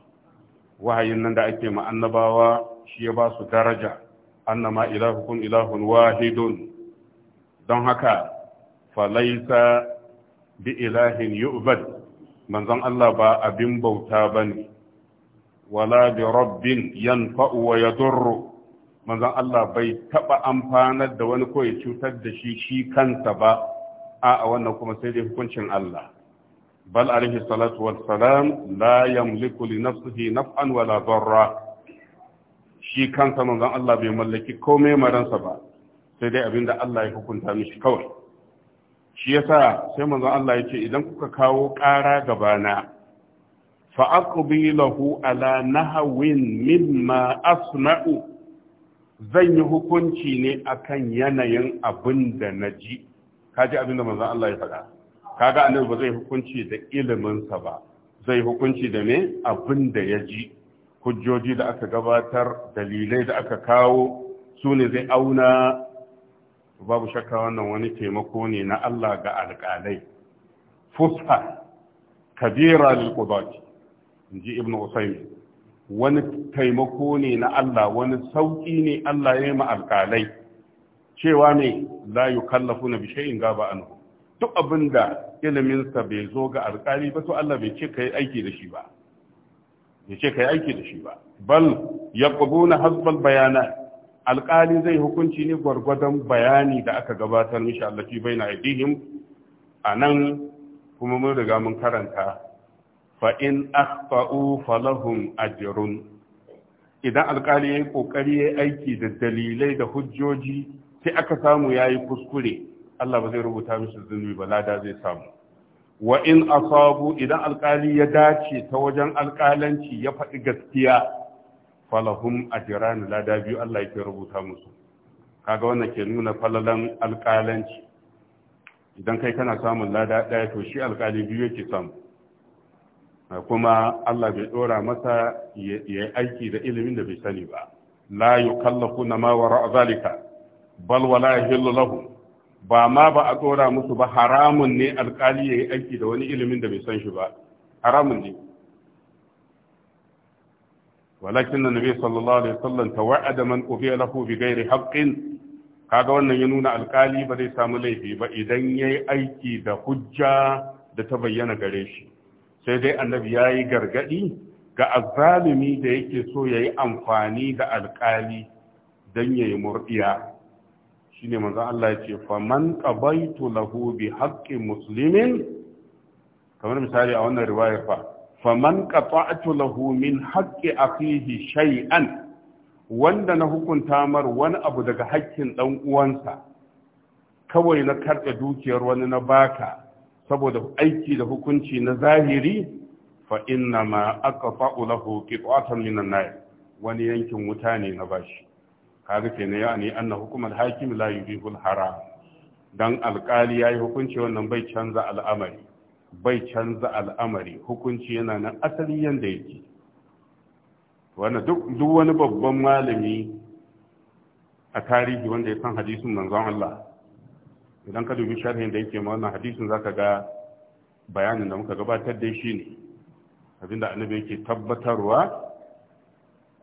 wahayin nan da ake ma annabawa shi ya ba su daraja annama ilahukum ilahun wahidun don haka falaisa bi ilahin yu'bad manzon Allah ba abin bauta bane wala bi rabbin yanfa'u wa yadurru manzon Allah bai taba amfanar da wani ko ya cutar da shi shi kansa ba a wannan kuma sai dai hukuncin Allah bal alaihi salatu wassalam la yamliku li nafsihi naf'an wala darra shi kansa manzon Allah bai mallaki komai maransa ba sai dai abinda Allah ya hukunta mishi kawai shi yasa sai manzon Allah ya ce idan kuka kawo ƙara gabana fa'aqbi lahu ala nahawin mimma asma'u zan yi hukunci ne akan yanayin abin da na ji ji abin da manzon Allah ya faɗa kaga annabi ba zai hukunci da iliminsa ba zai hukunci da ne abin da ya ji hujjoji da aka gabatar dalilai da aka kawo su ne zai auna babu shakka wannan wani taimako ne na Allah ga alƙalai fusha kabira lil qudati ji ibn usaimi wani taimako ne na Allah wani sauƙi ne Allah ya yi ma alƙalai cewa ne la yukallafu na in gaba anu duk abin da iliminsa bai zo ga alƙali ba to Allah bai ce kai aiki da shi ba ya ce kai aiki da shi ba bal yaqbuna hasbal bayana alƙali zai hukunci ne gwargwadon bayani da aka gabatar mishi allafi bai na idihim a nan kuma mun riga mun karanta fa in akhta'u falahum ajrun idan alkali yayi kokari yayi aiki da dalilai da hujjoji sai aka samu yayi kuskure Allah ba zai rubuta musu zunubi ba lada zai samu wa in asabu idan alkali ya dace ta wajen alkalanci ya faɗi gaskiya falahum ajran lada biyu Allah yake rubuta musu kaga wannan ke nuna falalan alkalanci idan kai kana samun lada ɗaya to shi alkali biyu yake samu kuma Allah bai dora masa ya yi aiki da ilimin da bai sani ba la yukallafu na ma wara zalika bal wala yahillu lahu ba ma ba a dora musu ba haramun ne alkali ya yi aiki da wani ilimin da bai san shi ba haramun ne walakin nabi sallallahu alaihi wasallam tawa'ada man ufiya lahu bi ghairi haqqin kaga wannan ya nuna alkali ba zai samu laifi ba idan ya yi aiki da hujja da ta bayyana gare shi sai dai annabi ya yi gargaɗi ga azzalumi da yake so ya yi amfani da alkali don ya yi murɗiya shi ne manzan Allah ya ce faman ƙabaitu lahu bi haƙƙin musulmin kamar misali a wannan riwayar fa faman ƙata'atu lahu min haƙƙi a fihi shay'an wanda na hukunta mar wani abu daga haƙƙin ɗan uwansa kawai na karɓe dukiyar wani na baka saboda aiki da hukunci na zahiri fa inna ma aka lahu qit'atan min an wani yankin wuta ne na bashi kaga kenan ya ne anna hukumar hakim la yubihu haram dan alkali yayi hukunci wannan bai canza al'amari bai canza al'amari hukunci yana nan asali yanda yake wannan duk duk wani babban malami a tarihi wanda ya san hadisin manzon Allah idan ka dubi sharhin da yake wannan hadisin zaka ga bayanin da muka gabatar da shi ne abinda annabi yake tabbatarwa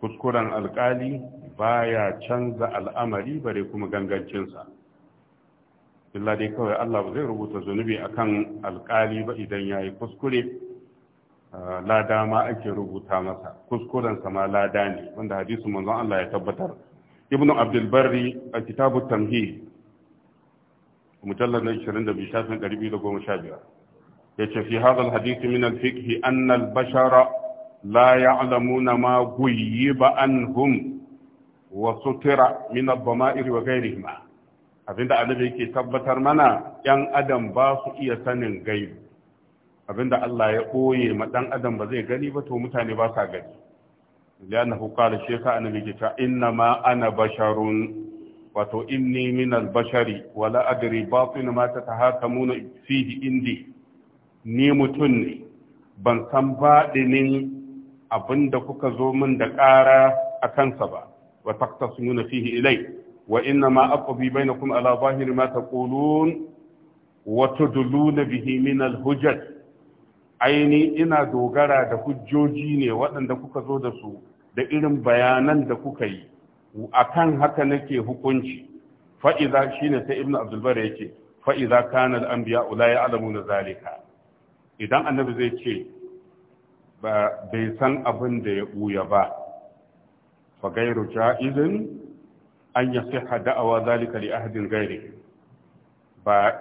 kuskuren alkali baya canza al'amari bare kuma gangancinsa illa dai kawai Allah zai rubuta zunubi akan alkali ba idan yayi kuskure ah, lada ma ake rubuta masa kuskurensa ma lada ne wanda hadisin manzon Allah ya tabbatar ibnu abdul barri a kitabu tamhid mujallar na 22 shafin 215 yace fi hadha alhadith min alfiqh an bashara. la ya'lamuna ma ghuyyiba anhum wa sutira min ad-dama'ir wa ghayrihima abinda annabi yake tabbatar mana yan adam ba su iya sanin gaibi abinda Allah ya koye ma dan adam ba zai gani ba to mutane ba sa gani lianahu qala shaykha annabi ke ta inna ma ana basharun wato inni min albashari wala adri batin ma tatahakamuna fihi indi ni mutum ne ban san baɗinin da kuka zo min da ƙara a kansa ba wa taqtasimuna fihi ilai wa inna ma aqbi bainakum ala zahiri ma taqulun wa tudluna bihi min alhujaj aini ina dogara da hujjoji ne waɗanda kuka zo da su da irin bayanan da kuka yi akan haka nake hukunci fa'iza shine sai ibnu abdul bar yake fa'iza kana al anbiya la na zalika idan annabi zai ce bai san abin da ya buya ba fa gairu ja'izin an fi hada'awa zalika li ahadin gairi ba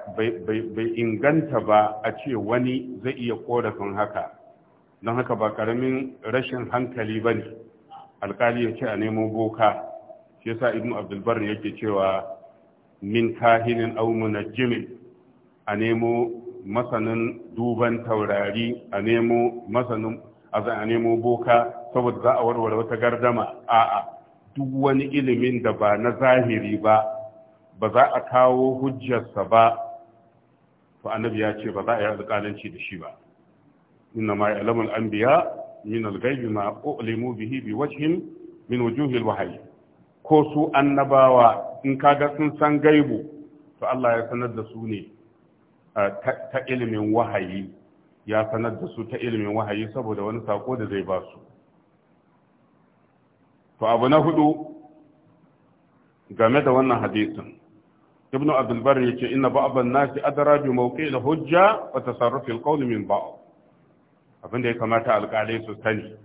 bai inganta ba a ce wani zai iya korafin haka don haka ba karamin rashin hankali ba ne alkali ya ce a nemo boka shi yasa ibnu abdul ya yake cewa min kahinin aw munajjimin a nemo masanin duban taurari a nemo masanin a nemo boka saboda za a warware wata gardama a'a duk wani ilimin da ba na zahiri ba ba za a kawo hujjarsa ba to annabi ya ce ba za a yi alƙalanci da shi ba inna ma ya'lamul anbiya min al-ghaibi ma u'limu bihi bi wajhin min wujuhil wahyi ko su annabawa in kaga sun san gaibu to Allah ya sanar da su ne ta ilimin wahayi ya sanar da su ta ilimin wahayi saboda wani sako da zai ba su to abu na hudu game da wannan hadisin ibn abdulbar ya ce ina ba'aban nasi adara bi mawqi da hujja wa tasarrufi alqawl min ba'd abinda ya kamata alƙalai su sani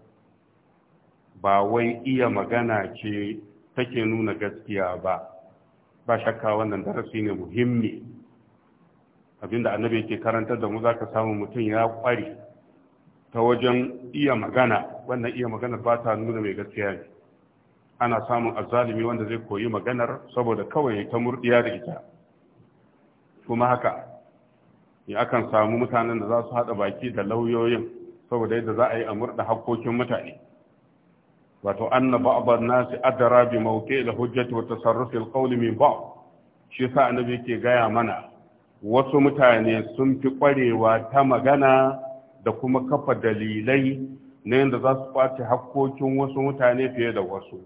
ba wai iya magana ce take nuna gaskiya ba ba shakka wannan darasi ne muhimmi abinda annabi yake karantar da mu zaka samu mutum ya kware ta wajen iya magana wannan iya maganar ba ta nuna mai gaskiya ne ana samun azalimi wanda zai koyi maganar saboda kawai ta murdiya da ita kuma haka ya akan samu mutanen da za su haɗa baki da lauyoyin saboda yadda za a yi a murda hakkokin mutane wato anna ba'd an-nas adra bi mawqi' al-hujjati wa tasarruf al-qawl min ba'd shi sa annabi yake gaya mana wasu mutane sun fi kwarewa ta magana da kuma kafa dalilai na yadda za su kwace hakkokin wasu mutane fiye da wasu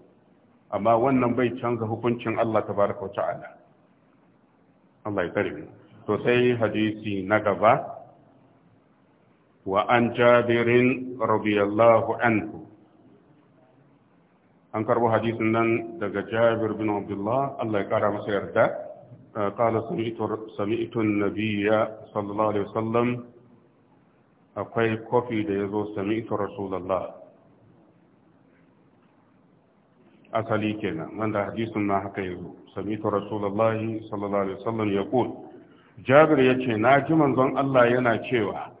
amma wannan bai canza hukuncin Allah Ta wa ta'ala Allah ya kare to sai hadisi na gaba wa an jabirin radiyallahu anhu an karbo hadisin nan daga jabir bin abdullah Allah ya kara masa yarda qala sami'tu an-nabiyya sallallahu alaihi wasallam akwai kofi da yazo sami'tu rasulullah asali kenan wanda hadisin na haka yazo sami'tu rasulullah sallallahu alaihi wasallam yaqul jabir yace na ji manzon Allah yana cewa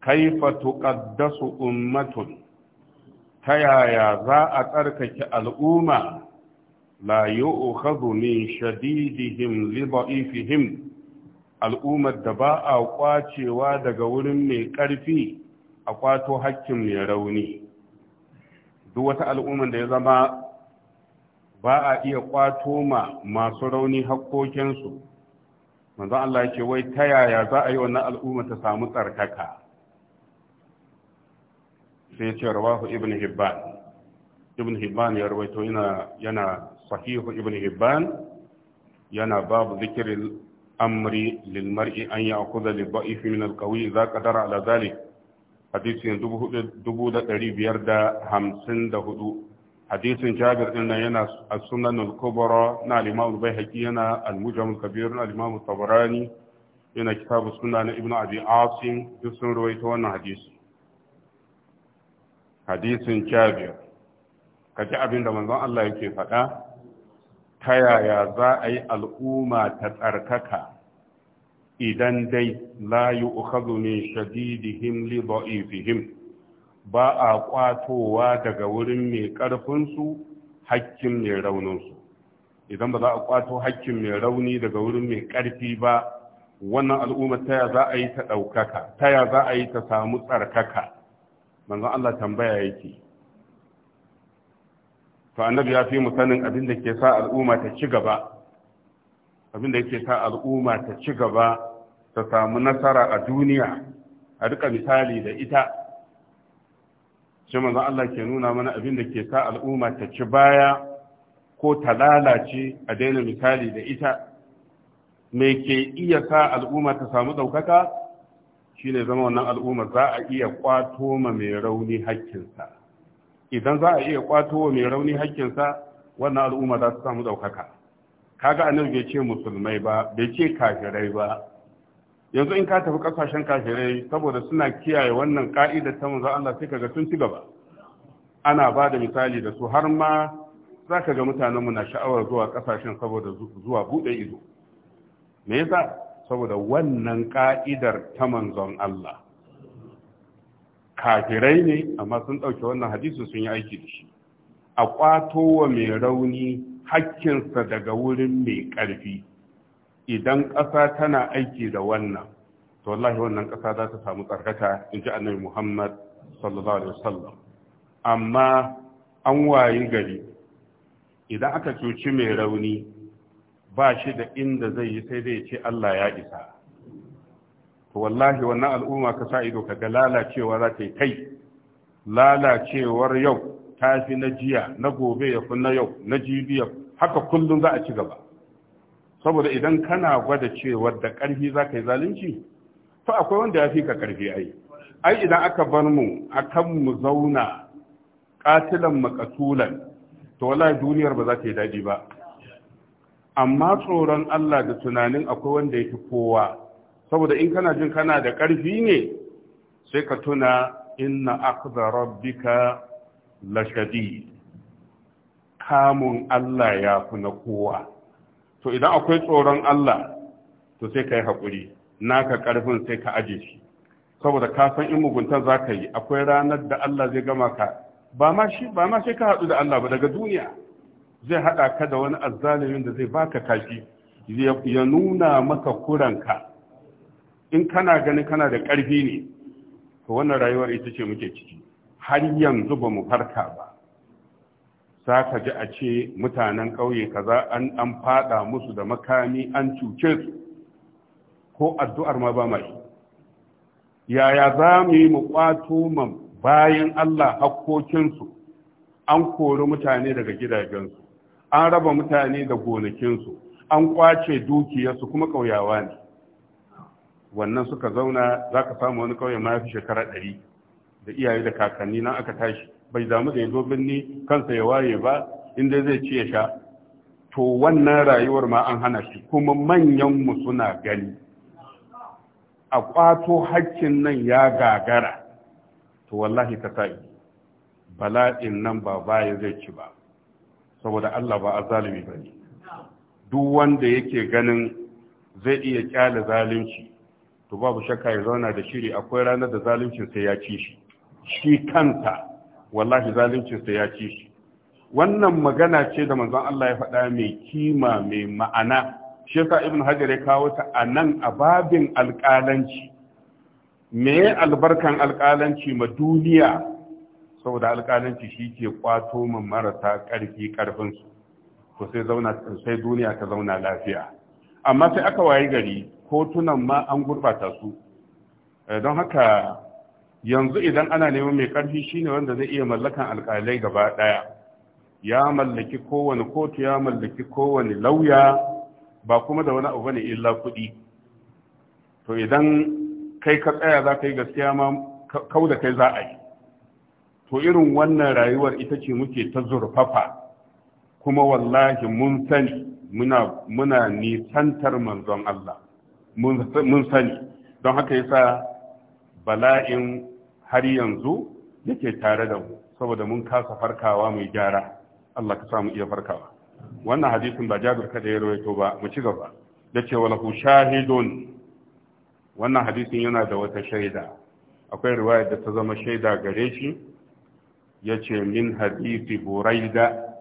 kaifa tuqaddasu ummatun ta yaya za a tsarkake al'umma la yu'khadhu min shadidihim li da'ifihim al'ummar da ba a kwacewa daga wurin mai ƙarfi a kwato hakkin mai rauni duk wata al'ummar da ya zama ba a iya kwato ma masu rauni hakkokinsu manzo Allah ke wai ta yaya za a yi wannan al'umma ta samu tsarkaka sai ya ce rawahu ibn hibban ibn hibban ya rawaito yana yana sahihu ibn hibban yana babu zikirin amri lil mar'i an ya'khudha li dha'if min al qawi idza qadara ala zalik hadisin 4554 hadisin jabir din nan yana as-sunan al-kubra na al-imam al-baihaqi yana al-mujam al-kabir na al-imam tabarani yana kitab as-sunan ibn abi asim duk sun rawaito wannan hadisi hadisin jabir ka ji abin da manzon Allah yake faɗa ta yaya za a yi al'umma ta tsarkaka idan dai la yi ukhadhu min shadidihim li da'ifihim ba a kwatowa daga wurin mai ƙarfinsu hakkin mai rauninsu idan ba za a kwato hakkin mai rauni daga wurin mai ƙarfi ba wannan al'umma ta yaya za a yi ta ɗaukaka ta yaya za a yi ta samu tsarkaka manzon Allah tambaya yake to annabi ya fi mu sanin abin da ke sa al'umma ta ci gaba abin da yake sa al'umma ta ci gaba ta samu nasara a duniya a duka misali da ita shi manzon Allah ke nuna mana abin da ke sa al'umma ta ci baya ko ta lalace a daina misali da ita me ke iya sa al'umma ta samu ɗaukaka Shi ne zama wannan al'umma za a iya kwato ma mai rauni hakkinsa idan za a iya kwato wa mai rauni hakkinsa wannan al'umma za su samu ɗaukaka kaga a bai ce musulmai ba bai ce kafirai ba yanzu in ka tafi kasashen kafirai saboda suna kiyaye wannan ka'ida ta manzo Allah sai kaga sun ci gaba ana ba da misali da su har ma za ka ga mutanenmu na sha'awar zuwa kasashen saboda zuwa buɗe ido me yasa saboda wannan ka'idar ta manzon Allah kafirai ne amma sun ɗauke wannan hadisu sun yi aiki da shi a ƙwato wa mai rauni hakkinsa daga wurin mai ƙarfi idan ƙasa tana aiki da wannan to wallahi wannan ƙasa za ta samu tsarkaka in ji annabi muhammad sallallahu alaihi wasallam amma an wayi gari idan aka cuci mai rauni ba shi da inda zai yi sai dai ce Allah ya isa to wallahi wannan al'umma ka sa ido kaga lalacewa za ta yi kai lalacewar yau ta fi na jiya na gobe ya na yau na jibiya haka kullum za a ci gaba saboda idan kana gwada cewar da ƙarfi za ka yi zalunci to akwai wanda ya fi ka ƙarfi ai ai idan aka bar mu akan mu zauna katilan makatulan to wallahi duniyar ba za ta yi daɗi ba amma tsoron Allah da tunanin akwai wanda yake kowa saboda in kana jin kana da ƙarfi ne sai ka tuna inna akhdha rabbika la shadi kamun Allah ya fi na kowa to idan akwai tsoron Allah to sai ka yi haƙuri naka ƙarfin sai ka aje shi saboda ka san in mugunta za ka yi akwai ranar da Allah zai gama ka ba ma sai ka haɗu da Allah ba daga duniya zai haɗa ka da wani azzalimin da zai baka kafi ya nuna maka kuranka in kana ganin kana da ƙarfi ne to wannan rayuwar ita ce muke ciki har yanzu ba mu farka ba za ka ji a ce mutanen ƙauye kaza an an faɗa musu da makami an cuce su ko addu'ar ma ba ma yi yaya za mu yi mu ƙwato ma bayan Allah hakkokinsu an kori mutane daga gidajensu an raba mutane da gonakinsu an kwace dukiyarsu kuma ƙauyawa ne wannan suka zauna za ka samu wani ƙauye ma fi shekara ɗari da iyaye da kakanni nan aka tashi bai damu da ya zo birni kansa ya waye ba inda zai ci ya sha to wannan rayuwar ma an hana shi kuma manyan mu suna gani a ƙwato hakkin nan ya gagara to wallahi ka sa'i bala'in nan ba baya zai ci ba saboda Allah ba a ba ne. duk wanda yake ganin zai iya kyale zalunci to babu shakka ya zauna da shiri akwai ranar da zaluncin sai ya ci shi shi kanta wallahi zaluncin sai ya ci shi wannan magana ce da manzon Allah ya faɗa mai kima mai ma'ana shi yasa ibn hajar ya kawo ta a nan a babin alƙalanci me albarkan alƙalanci ma duniya saboda alƙalanci shi ke kwato min marasa ƙarfi ƙarfinsu to sai zauna sai duniya ta zauna lafiya amma sai aka wayi gari kotunan ma an gurɓata su eh, don haka yanzu idan ana neman mai ƙarfi shine wanda zai iya mallakan alƙalai gaba ɗaya ya mallaki kowane kotu ya mallaki kowane lauya ba kuma da wani abu ne illa kuɗi to idan kai ka tsaya za ka yi gaskiya ma kau da kai za a yi to irin wannan rayuwar ita ce muke ta zurfafa kuma wallahi mun sani muna muna nisantar manzon Allah mun sani don haka yasa bala'in har yanzu yake tare da mu saboda mun kasa farkawa mai gyara Allah ka samu iya farkawa wannan hadisin ba jabir kada ya rawaito ba mu ci gaba wala walahu shahidun wannan hadisin yana da wata shaida akwai riwayar da ta zama shaida gare shi ya ce min hadisi buraida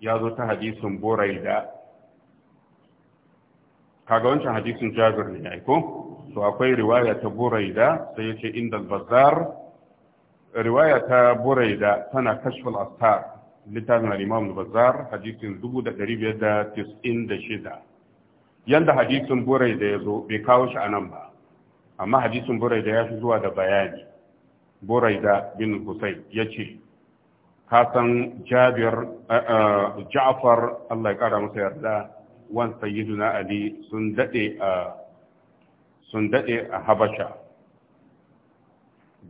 ya zo ta hadisin buraida kaga wancan hadisin jabir ne ko? to akwai riwaya ta buraida sai ya ce inda bazar riwaya ta buraida tana kashful astar littafin al-imam bazar hadisin 1596 yanda hadisin buraida ya zo bai kawo shi anan ba amma hadisin buraida ya fi zuwa da bayani buraida bin husayn yace ka san jabir ja'far Allah ya kara masa yarda wan sayyiduna ali sun daɗe a sun dade a habasha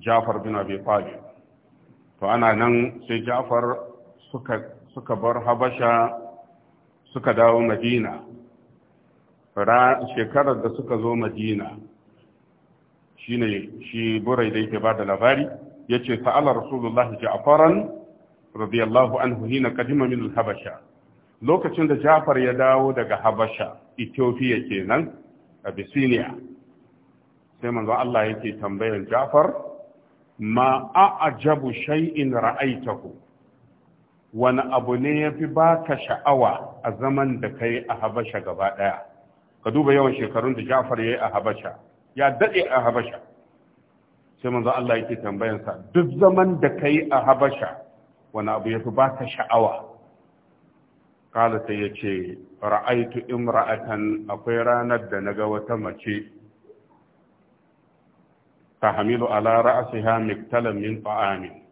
ja'far bin abi talib to ana nan sai ja'far suka suka bar habasha suka dawo madina shekarar da suka zo madina shine shi burai da yake bada labari yace sa'ala rasulullahi ja'faran radiyallahu anhu hina qadima min habasha lokacin da Ja'far ya dawo daga Habasha Ethiopia kenan Abyssinia sai manzo Allah yake tambayar Ja'far ma a'jabu shay'in ra'aitahu wani abu ne yafi baka sha'awa a zaman da kai a Habasha gaba daya ka duba yawan shekarun da Ja'far yayi a Habasha ya daɗe a habasha sai manzo Allah yake tambayansa duk zaman da ka yi a habasha wani abu ya fi ba ka sha'awa kala sai yace ce ra'aitu imra'atan akwai ranar da na ga wata mace ta hamilu ala ra'asiha miktalan min ta'amin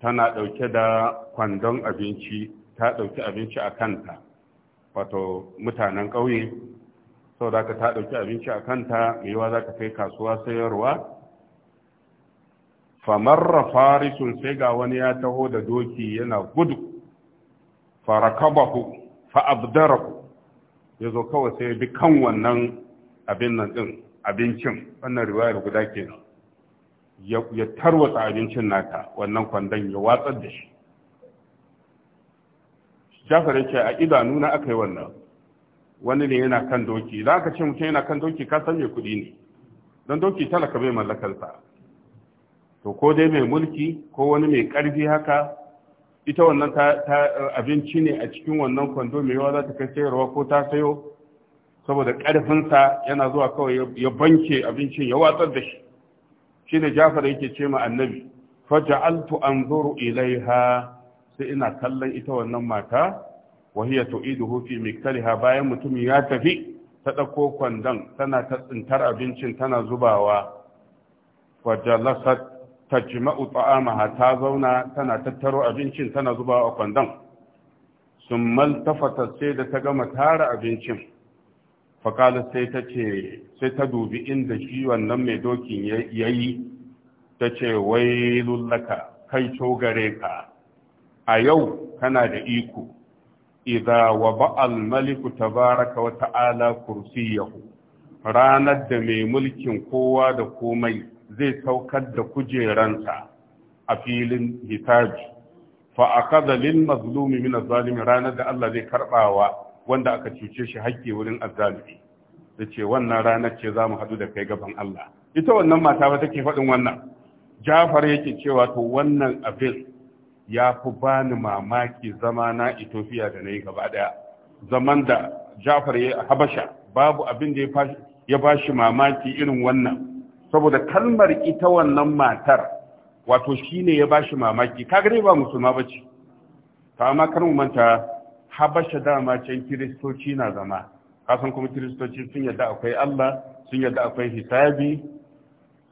tana ɗauke da kwandon abinci ta ɗauki abinci a kanta wato mutanen ƙauye sau ka ta ɗauki abinci a kanta mai yiwa za ka kai kasuwa sayarwa famarra farisun sai ga wani ya taho da doki yana gudu farakabahu fa'abdarahu ya zo kawai sai bi kan wannan abin nan ɗin abincin wannan riwayar guda kenan ya tarwatsa abincin nata wannan kwandon ya watsar da shi jafar ce a idanu na aka yi wannan wani ne yana kan doki za ka ce mutum yana kan doki ka san mai kuɗi ne don doki talaka bai mallakarsa to ko dai mai mulki ko wani mai ƙarfi haka ita wannan ta, abinci ne a cikin wannan kwando mai yawa za ta kai sayarwa ko ta sayo saboda ƙarfinsa yana zuwa kawai ya banke abincin ya watsar da shi Shi ne jafar yake ce ma annabi faja'altu anzuru ilaiha sai ina kallon ita wannan mata wa hiya tu'iduhu fi miktaliha bayan mutum ya tafi ta ɗauko kwandon tana ta tsintar abincin tana zubawa wa jalasat tajma'u ta'amaha ta zauna tana tattaro abincin tana zubawa a kwandon sun maltafata sai da ta gama tara abincin fakala sai ta sai ta dubi inda shi wannan mai dokin ya yi ta ce wai lullaka kai ka a yau kana da iko idza waba al-maliku tabaraka wa ta'ala kursiyahu ranar da mai mulkin kowa da komai zai saukar da kujeransa a filin hisabi fa akada lil mazlumi min az ranar da Allah zai karbawa wanda aka cuce shi hakki wurin azzalimi yace wannan ranar ce zamu hadu da kai gaban Allah ita wannan mata ba take faɗin wannan Jafar yake cewa to wannan abin ya fi bani mamaki zama na Ethiopia da na yi gaba daya zaman da Jafar ya Habasha babu abin da ya ba shi mamaki irin wannan saboda kalmar ita wannan matar wato shi ne ya ba shi mamaki Ka gare ba musulma bace ta amma kan mu manta Habasha dama can kiristoci na zama kasan kuma kiristoci sun yadda akwai Allah sun yadda akwai hisabi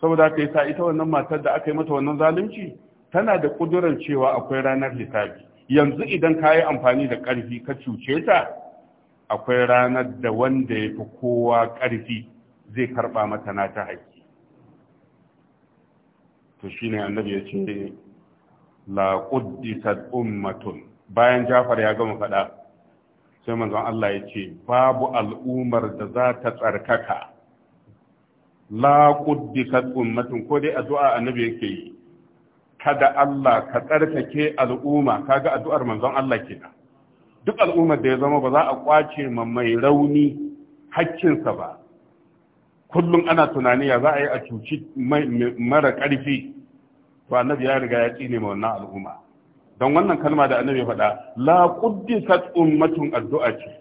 saboda yi sa, ita wannan matar da aka yi mata wannan zalunci tana da kudurar cewa akwai ranar hisabi yanzu idan ka yi amfani da ƙarfi ka cuce ta akwai ranar da wanda ya fi kowa ƙarfi zai karɓa mata na ta haƙƙi to shi ne annabi ya ce la ƙuddisar ummatun bayan jafar ya gama faɗa sai manzon Allah ya ce babu al'ummar da za ta tsarkaka la ƙuddisar ummatun ko dai a addu'a annabi yake yi kada Allah ka tsarkake al'umma kaga addu'ar manzon Allah kenan duk al'ummar da ya zama ba za a kwace ma mai rauni hakkinsa ba kullum ana tunani ya za a yi a cuci mara ƙarfi to annabi ya riga ya tsine ma wannan al'umma don wannan kalma da annabi faɗa la quddisat ummatun addu'a ce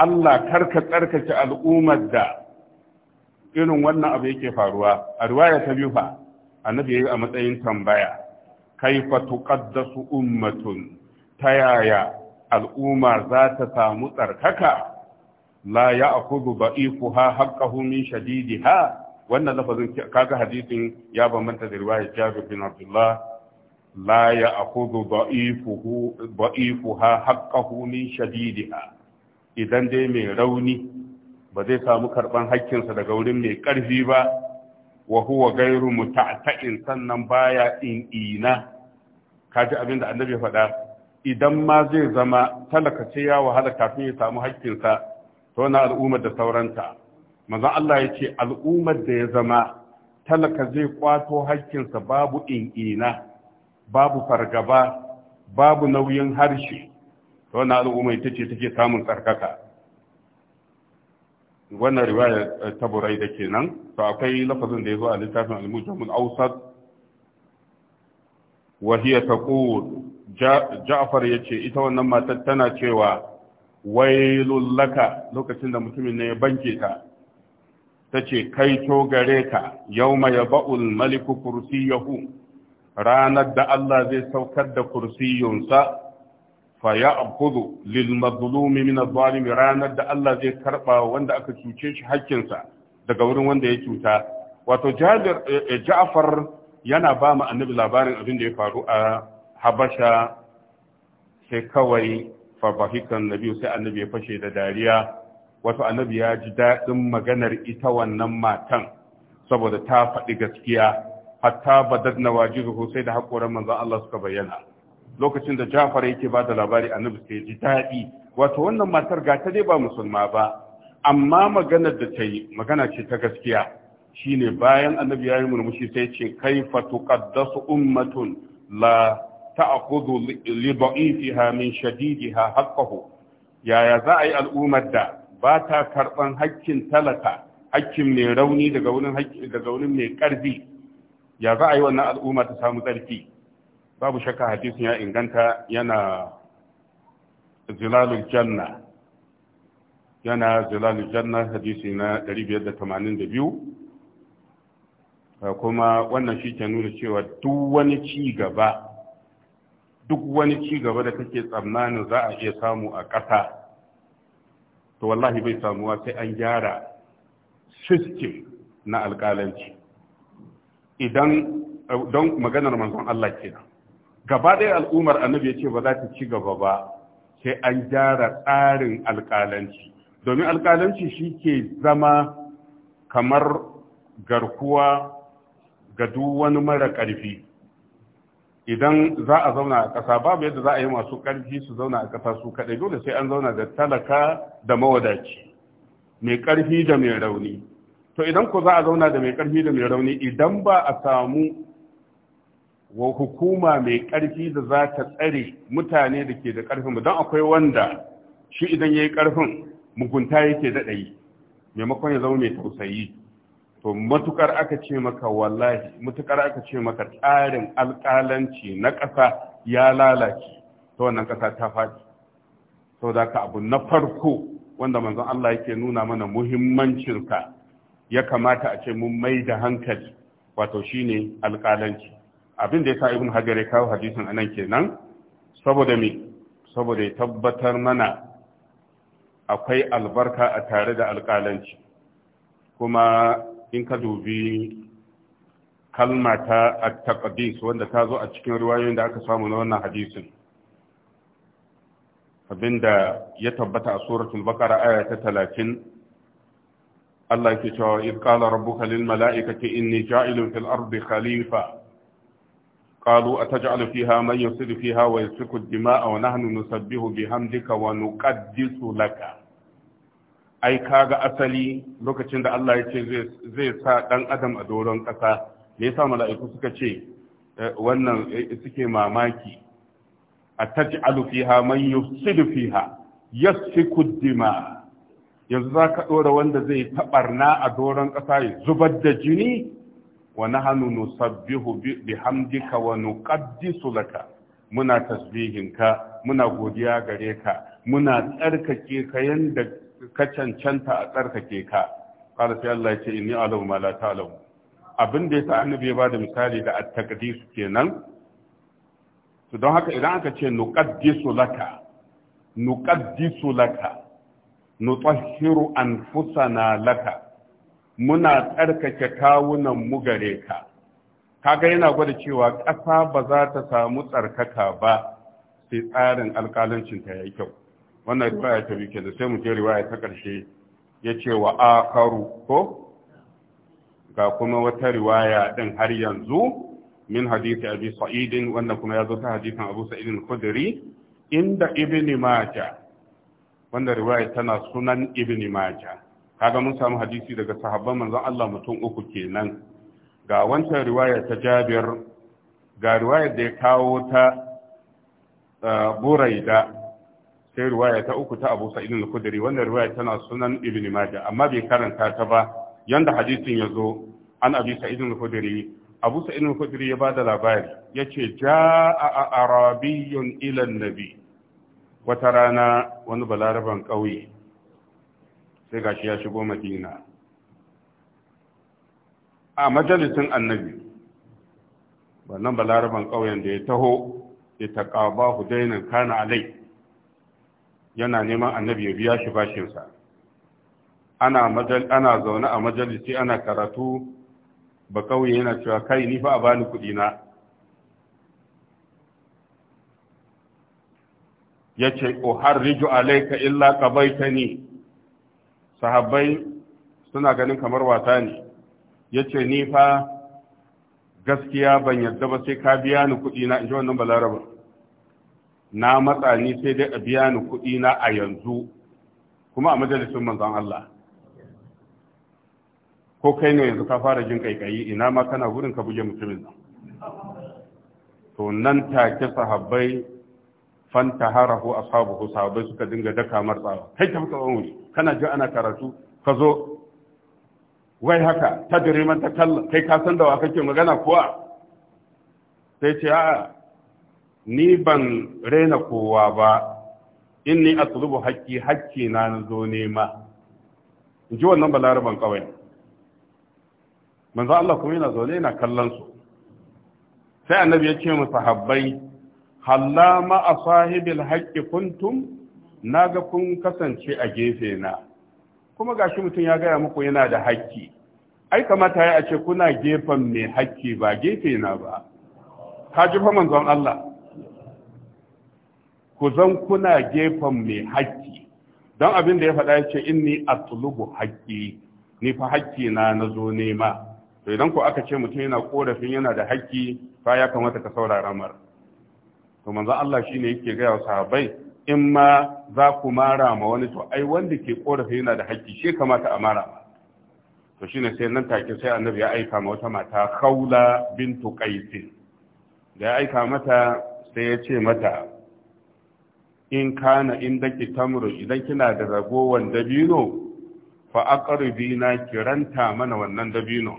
Allah kar ka tsarkake al'ummar da irin wannan abu yake faruwa a riwaya ta biyu fa annabi yayi a matsayin tambaya kaifa tuqaddasu ummatun ta yaya al'umma za ta samu tsarkaka la ya'khudhu da'ifuha haqqahu min shadidiha wannan lafazin kaga hadisin ya bambanta da riwayar Jabir bin Abdullah la ya'khudhu da'ifuhu da'ifuha haqqahu min shadidiha idan dai mai rauni ba zai samu karɓar hakkinsa daga wurin mai ƙarfi ba wa huwa gairu muta'ta'in sannan baya in ina kaji abin da annabi ya faɗa idan ma zai zama talaka ce ya wahala kafin ya samu haƙƙinsa to na al'ummar da sauranta manzon Allah ya ce al'ummar da ya zama talaka zai kwato haƙƙinsa babu in ina babu fargaba babu nauyin harshe to na al'umma ita ce take samun tsarkaka wannan riwaya eh, ta burai da kenan to akwai lafazin da ya zo a littafin al-mujamul wa hiya taqul Ja'far yace ita wannan matar tana cewa wailul laka lokacin da mutumin ne ya banke ta tace kai to gare ka yawma yaba'ul maliku kursiyahu ranar da Allah zai saukar da kursiyunsa Faya ya abkudu lil mazlumi min adh ranar da Allah zai karɓa wanda aka cuce shi hakkinsa daga wurin wanda ya cuta wato Jabir Ja'far yana ba mu annabi labarin abin da ya faru a Habasha sai kawai fa bahikan nabi sai annabi ya fashe da dariya wato annabi ya ji daɗin maganar ita wannan matan saboda ta faɗi gaskiya hatta badad na wajizu sai da haƙoran manzon Allah suka bayyana lokacin da Jafar yake ba da labari annabi sai ji daɗi wato wannan matar ga ta dai ba musulma ba amma maganar da ta yi magana ce ta gaskiya shine bayan annabi ya yi murmushi sai ce kaifa tuqaddasu ummatun la ta'khudhu li da'ifiha min shadidiha haqqahu yaya za a yi al'ummar da ba ta karban hakkin talaka hakkin mai rauni daga wurin daga wurin mai karfi ya za a yi wannan al'umma ta samu tsarki babu shakka hadisin ya inganta yana zilalul janna yana zilalul janna hadisi na 582 kuma wannan shi ke nuna cewa duk wani ci gaba duk wani ci gaba da kake tsammanin za a iya samu a ƙasa to wallahi bai samuwa sai an gyara system na alƙalanci idan don maganar manzon Allah kenan gaba ɗaya al'ummar annabi ya ce ba za ta ci gaba ba sai an gyara tsarin alƙalanci domin alƙalanci shi ke zama kamar garkuwa ga duk wani mara ƙarfi idan za a zauna a ƙasa babu yadda za a yi masu ƙarfi su zauna a ƙasa su kaɗai dole sai an zauna da talaka da mawadaci mai ƙarfi da mai rauni to idan ko za a zauna da mai ƙarfi da mai rauni idan ba a samu wa hukuma mai ƙarfi da za ta tsare mutane da ke da ƙarfin don akwai wanda shi idan ya yi ƙarfin mugunta yake daɗa yi maimakon ya zama mai tausayi to matukar aka ce maka wallahi matukar aka ce maka tsarin alƙalanci na ƙasa ya lalace ta wannan ƙasa ta faɗi saboda ka abu na farko wanda manzon Allah yake nuna mana muhimmancinsa ya kamata a ce mun mai da hankali wato shine alƙalanci abin da ya sa ibn hajar ya kawo hadisin anan kenan saboda me saboda ya tabbatar mana akwai albarka a tare da alƙalanci kuma in ka dubi kalma ta at-taqdis wanda ta zo a cikin riwayoyin da aka samu na wannan hadisin abinda ya tabbata a suratul baqara aya ta 30 Allah yake cewa id qala rabbuka lil mala'ikati inni ja'ilun fil ardi khalifa قالوا أتجعل فيها من يسر فيها ويسفك الدماء ونحن نسبه بحمدك ونقدس لك ai kaga asali lokacin da Allah ya ce zai sa ɗan adam a doron ƙasa me yasa mala'iku suka ce wannan suke mamaki a taj'alu fiha man yufsidu fiha yasfiku yanzu za ka ɗora wanda zai taɓarna a doron ƙasa ya zubar da jini Wani hannu nusabbihu bihamdika wa nuqaddisu laka muna tasbihinka muna godiya gareka muna tsarkake ka yanda ka cancanta a tsarkake ka qala sai Allah ya ce inni a'lamu ma la ta'lamu abin da yasa annabi ya bada misali da at-taqdis kenan to don haka idan aka ce nuƙaddisu laka nuƙaddisu laka nutahhiru anfusana laka muna tsarkake kawunan mu gare ka kaga yana gwada cewa ƙasa ba za ta samu tsarkaka ba sai tsarin alƙalancinta ya yi kyau wannan riwaya ta biyu da sai mu je riwaya ta ƙarshe ya ce wa akaru ko ga kuma wata riwaya din har yanzu min hadisi abi sa'idin wannan kuma ya zo ta hadisin abu sa'idin kudiri inda ibn maja wannan riwaya tana sunan ibn maja. kaga mun samu hadisi daga sahabban manzon Allah mutum uku kenan ga wancan riwaya ta Jabir ga riwaya da ya kawo ta eh, Buraida sai riwaya ta uku ta Abu Sa'id al-Khudri wannan riwaya tana sunan Ibn Majah amma bai karanta ta ba yanda hadisin ya zo an Abi Sa'id al-Khudri Abu Sa'id al-Khudri ya bada labari yace ja'a arabiyyun ila an-nabi wata rana wani balaraban ƙauye sai shi ya shigo madina a majalisin annabi wannan balaraban ƙauyen da ya taho ya taƙaba hudainan kana alai yana neman annabi ya biya shi bashinsa ana ana zaune a majalisi ana karatu ba ƙauye yana cewa kai ni fa a bani kuɗi na yace uharriju alaika illa qabaitani sahabbai suna ganin kamar wasa ne ya ce ni gaskiya ban yadda ba sai ka biya ni kuɗi na inji wannan balaraba na matsa ni sai dai a biya ni kuɗi na a yanzu kuma a majalisun manzon Allah ko kai ne yanzu ka fara jin kaikayi ina ma kana gurin ka buge mutumin nan to nan take sahabbai fanta harahu ashabu sahabbai suka dinga daka martsawa kai ta fuka wani kana ji ana karatu ka zo wai haka ta man ta kallon kai ka san da wa kake magana kuwa sai ce a'a ni ban rena kowa ba in ni a atlubu haƙƙi haƙƙi na zo nema in ji wannan balaraban kawai manzo Allah kuma yana zaune yana kallon su sai annabi ya ce mu sahabbai halla ma a sahibil haƙƙi kuntum na ga kun kasance a gefe na kuma gashi mutum ya gaya muku yana da haƙƙi. ai kamata ya ce kuna gefen mai haƙƙi ba gefe na ba ka ji fa manzon Allah ku zan kuna gefen mai haƙƙi don abin da ya faɗa ya ce inni atlubu haƙƙi ni fa haƙƙi na na zo nema to idan ku aka ce mutum yana korafin yana da haƙƙi, fa ya kamata ka saurara mar to manzon Allah shine yake ga sahabbai in ma za ku mara ma wani to ai wanda ke korafi yana da haƙƙi shi kamata a mara ma to shi ne sai nan take sai annabi ya aika ma wata mata haula bintu qais da ya aika mata sai ya ce mata in kana inda ki tamru idan kina da ragowan dabino fa aqribi na kiranta mana wannan dabino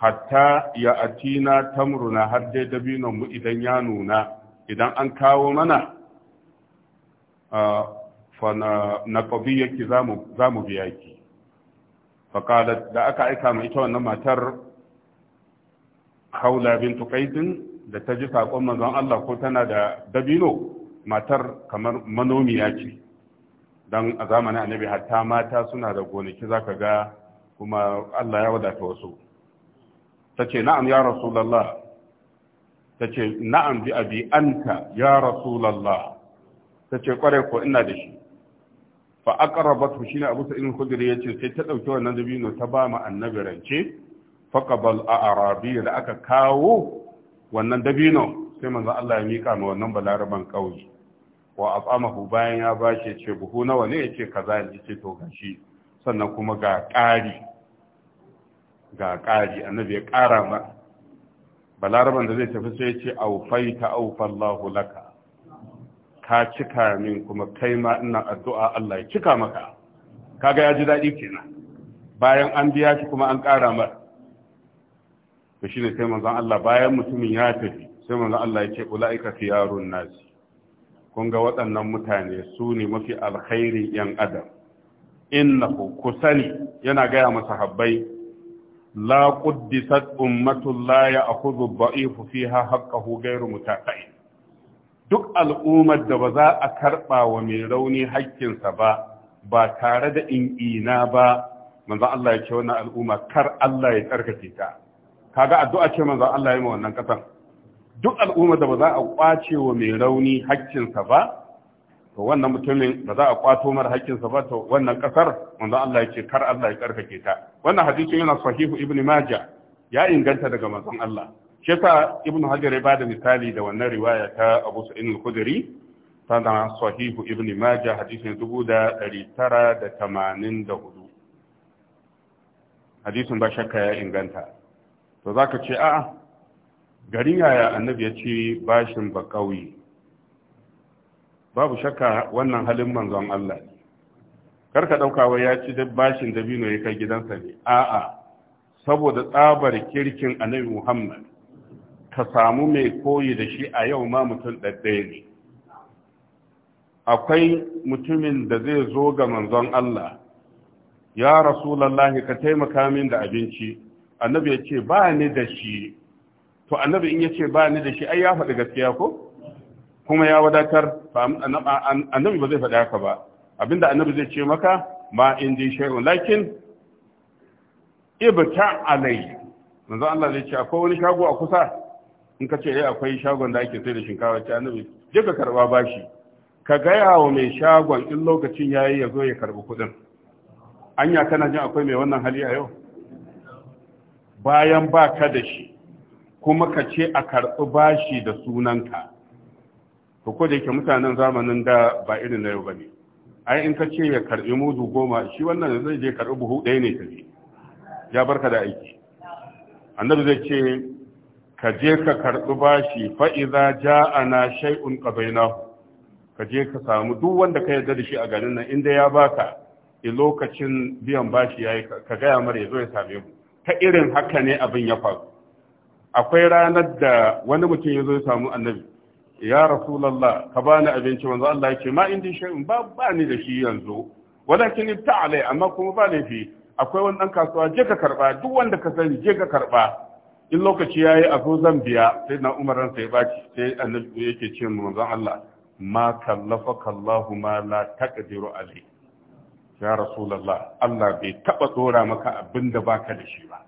hatta ya atina tamruna har dai dabinon mu idan ya nuna idan an kawo mana fa na yake za mu biya ki fa da aka aika mai ita wannan matar haula bin tukaitin da ta ji sakon manzon Allah ko tana da dabino matar kamar manomiya ce don a zamanin annabi hatta mata suna da gonaki za ka ga kuma Allah ya wadata wasu ta ce na'am ya rasulallah ta ce na'am bi abi anta ya rasulallah ta ce kwarai ko ina da shi fa aqrabatu shine Abu Sa'id al-Khudri yace sai ta dauki wannan dabino ta ba ma annabi rance qabal a'rabi da aka kawo wannan dabino sai manzo Allah ya mika ma wannan balaraban kauye wa at'amahu bayan ya bashi ce buhu nawa ne yace kaza yace to gashi sannan kuma ga ƙari ga ƙari annabi ya ƙara ma balaraban da zai tafi sai ya ce fa aufallahu laka ka cika min kuma kai ma ina addu'a Allah ya cika maka kaga ya ji daɗi kenan bayan an biya shi kuma an ƙara mar to shine sai manzon Allah bayan mutumin ya tafi sai manzon Allah ya ce ulaika fiyarun nas kun ga waɗannan mutane su ne mafi alkhairin yan adam innahu kusani yana gaya masa habbai la quddisat ummatullahi ya akhudhu dha'ifu fiha haqqahu ghayru mutaqin duk al'ummar da ba za a karɓa wa mai rauni haƙƙinsa ba ba tare da in'ina ba manzon Allah ya ce wannan al'umma kar Allah ya tsarkake ta kaga addu'a ce manzon Allah ya yi wannan kasan duk al'ummar da ba za a ƙwace wa mai rauni haƙƙinsa ba to wannan mutumin ba za a ƙwato mara haƙƙinsa ba to wannan ƙasar, manzon Allah ya ce kar Allah ya tsarkake ta wannan hadisin yana sahihu ibn majah ya inganta daga manzon Allah shi yasa ibnu hajar ya da misali da wannan riwaya ta abu sa'in al-khudri tana sahihu ibn majah hadisin 1984 hadisin ba shakka ya inganta to zaka ce a'a garin yaya annabi ya ce bashin ba kauye babu shakka wannan halin manzon Allah ne karka ɗaukawa ya ci da bashin dabino ya kai gidansa ne a'a saboda tsabar kirkin annabi Muhammad ka samu mai koyi da shi a yau ma mutum ɗaɗɗaya ne akwai mutumin da zai zo ga manzon Allah ya lallahi ka taimaka min da abinci annabi ya ce ba ni da shi to annabi in ya ce ba ni da shi ai ya faɗi gaskiya ko kuma ya wadatar annabi ba zai faɗi haka ba abinda annabi zai ce maka ma in ji shay'un lakin ibta alai manzo Allah zai ce akwai wani shago a kusa in ka ce eh akwai shagon da ake sai da shinkawa ta annabi je ka karba bashi ka gaya wa mai shagon in lokacin yayi ya zo ya karbi kuɗin anya kana jin akwai mai wannan hali a yau bayan ba ka da shi kuma ka ce a karbi bashi da sunanka to ko da yake mutanen zamanin da ba irin na yau ba ne ai in ka ce ya karɓi mudu goma shi wannan zai je karbi buhu ɗaya ne ta ya barka da aiki annabi zai ce ka je ka karɓi bashi fa'iza ja'ana shay'un qabainahu ka je ka samu duk wanda ka yarda da shi a garin nan inda ya baka a lokacin biyan bashi yayi ka gaya mara ya zo ya same mu ta irin haka ne abin ya faru akwai ranar da wani mutum ya zo ya samu annabi ya rasulullah ka bani abinci wanzu Allah ya ce ma inda shay'un ba ba ni da shi yanzu walakin ibta alai amma kuma ba laifi akwai wani dan kasuwa je ka karba duk wanda ka sani je ka karɓa. in lokaci ya yi azo zan biya sai na umar ransa ya baci sai annabi yake ce mu manzon Allah ma kallafa kallahu ma la taqdiru alai ya rasulullah Allah bai taba dora maka abin da baka da shi ba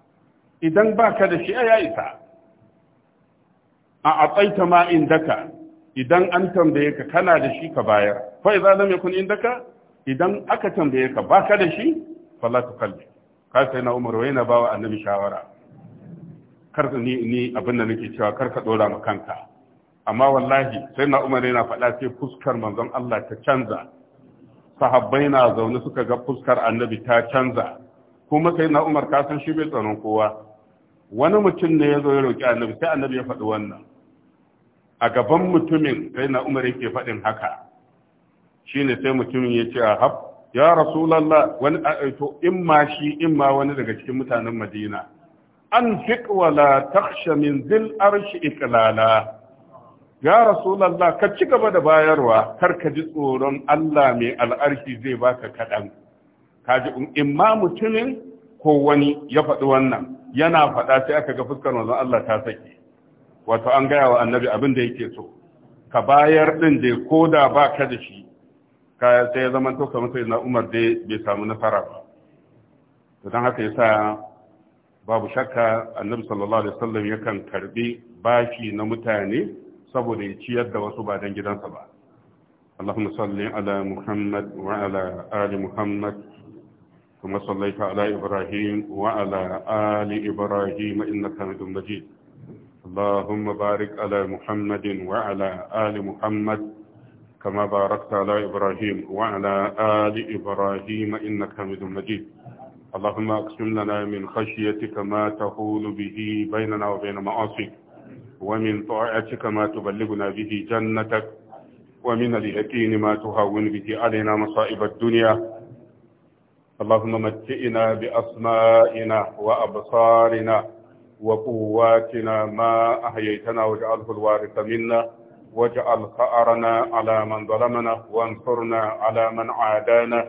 idan baka da shi ya isa a atsaita ma indaka idan an tambaye ka kana da shi ka bayar fa idza lam yakun indaka idan aka tambaye ka baka da shi fala tukalli ka sai na umar wai na bawa annabi shawara kar ni ni abin da nake cewa kar ka dora ma kanka amma wallahi sai na umar yana faɗa sai fuskar manzon Allah ta canza sahabbai na zaune suka ga fuskar annabi ta canza kuma sai na umar ka san shi bai tsaron kowa wani mutum ne ya zo ya roƙi annabi sai annabi ya faɗi wannan a gaban mutumin sai na umar yake faɗin haka shine sai mutumin ya ce ya rasulallah wani to in ma shi in ma wani daga cikin mutanen madina An wala taksha min zil arshi iklala ya rasulullah ka ci gaba da bayarwa kar ka ji tsoron Allah mai al'arshi zai baka kaɗan. kaji in ma mutumin ko wani ya faɗi wannan yana faɗa sai aka ga fuskar manzon Allah ta saki wato an gaya wa annabi abin da yake so ka bayar din da koda baka da shi Ka sai ya zama to kamar sai na Umar dai bai samu nasara ba don haka yasa babu shakka annabi sallallahu alaihi wasallam yakan karɓi bashi na mutane saboda ya ciyar da wasu ba dan gidansa ba Allahumma salli ala Muhammad wa ali Muhammad kuma sallaita ala Ibrahim wa ali Ibrahim innaka Hamidum Majid Allahumma barik ala Muhammad wa ali Muhammad kama barakta ala Ibrahim wa ali Ibrahim innaka Hamidum Majid اللهم اقسم لنا من خشيتك ما تحول به بيننا وبين معاصيك ومن طاعتك ما تبلغنا به جنتك ومن اليقين ما تهون به علينا مصائب الدنيا اللهم متئنا بأسمائنا وأبصارنا وقواتنا ما أحييتنا واجعله الوارث منا واجعل ثأرنا على من ظلمنا وانصرنا على من عادانا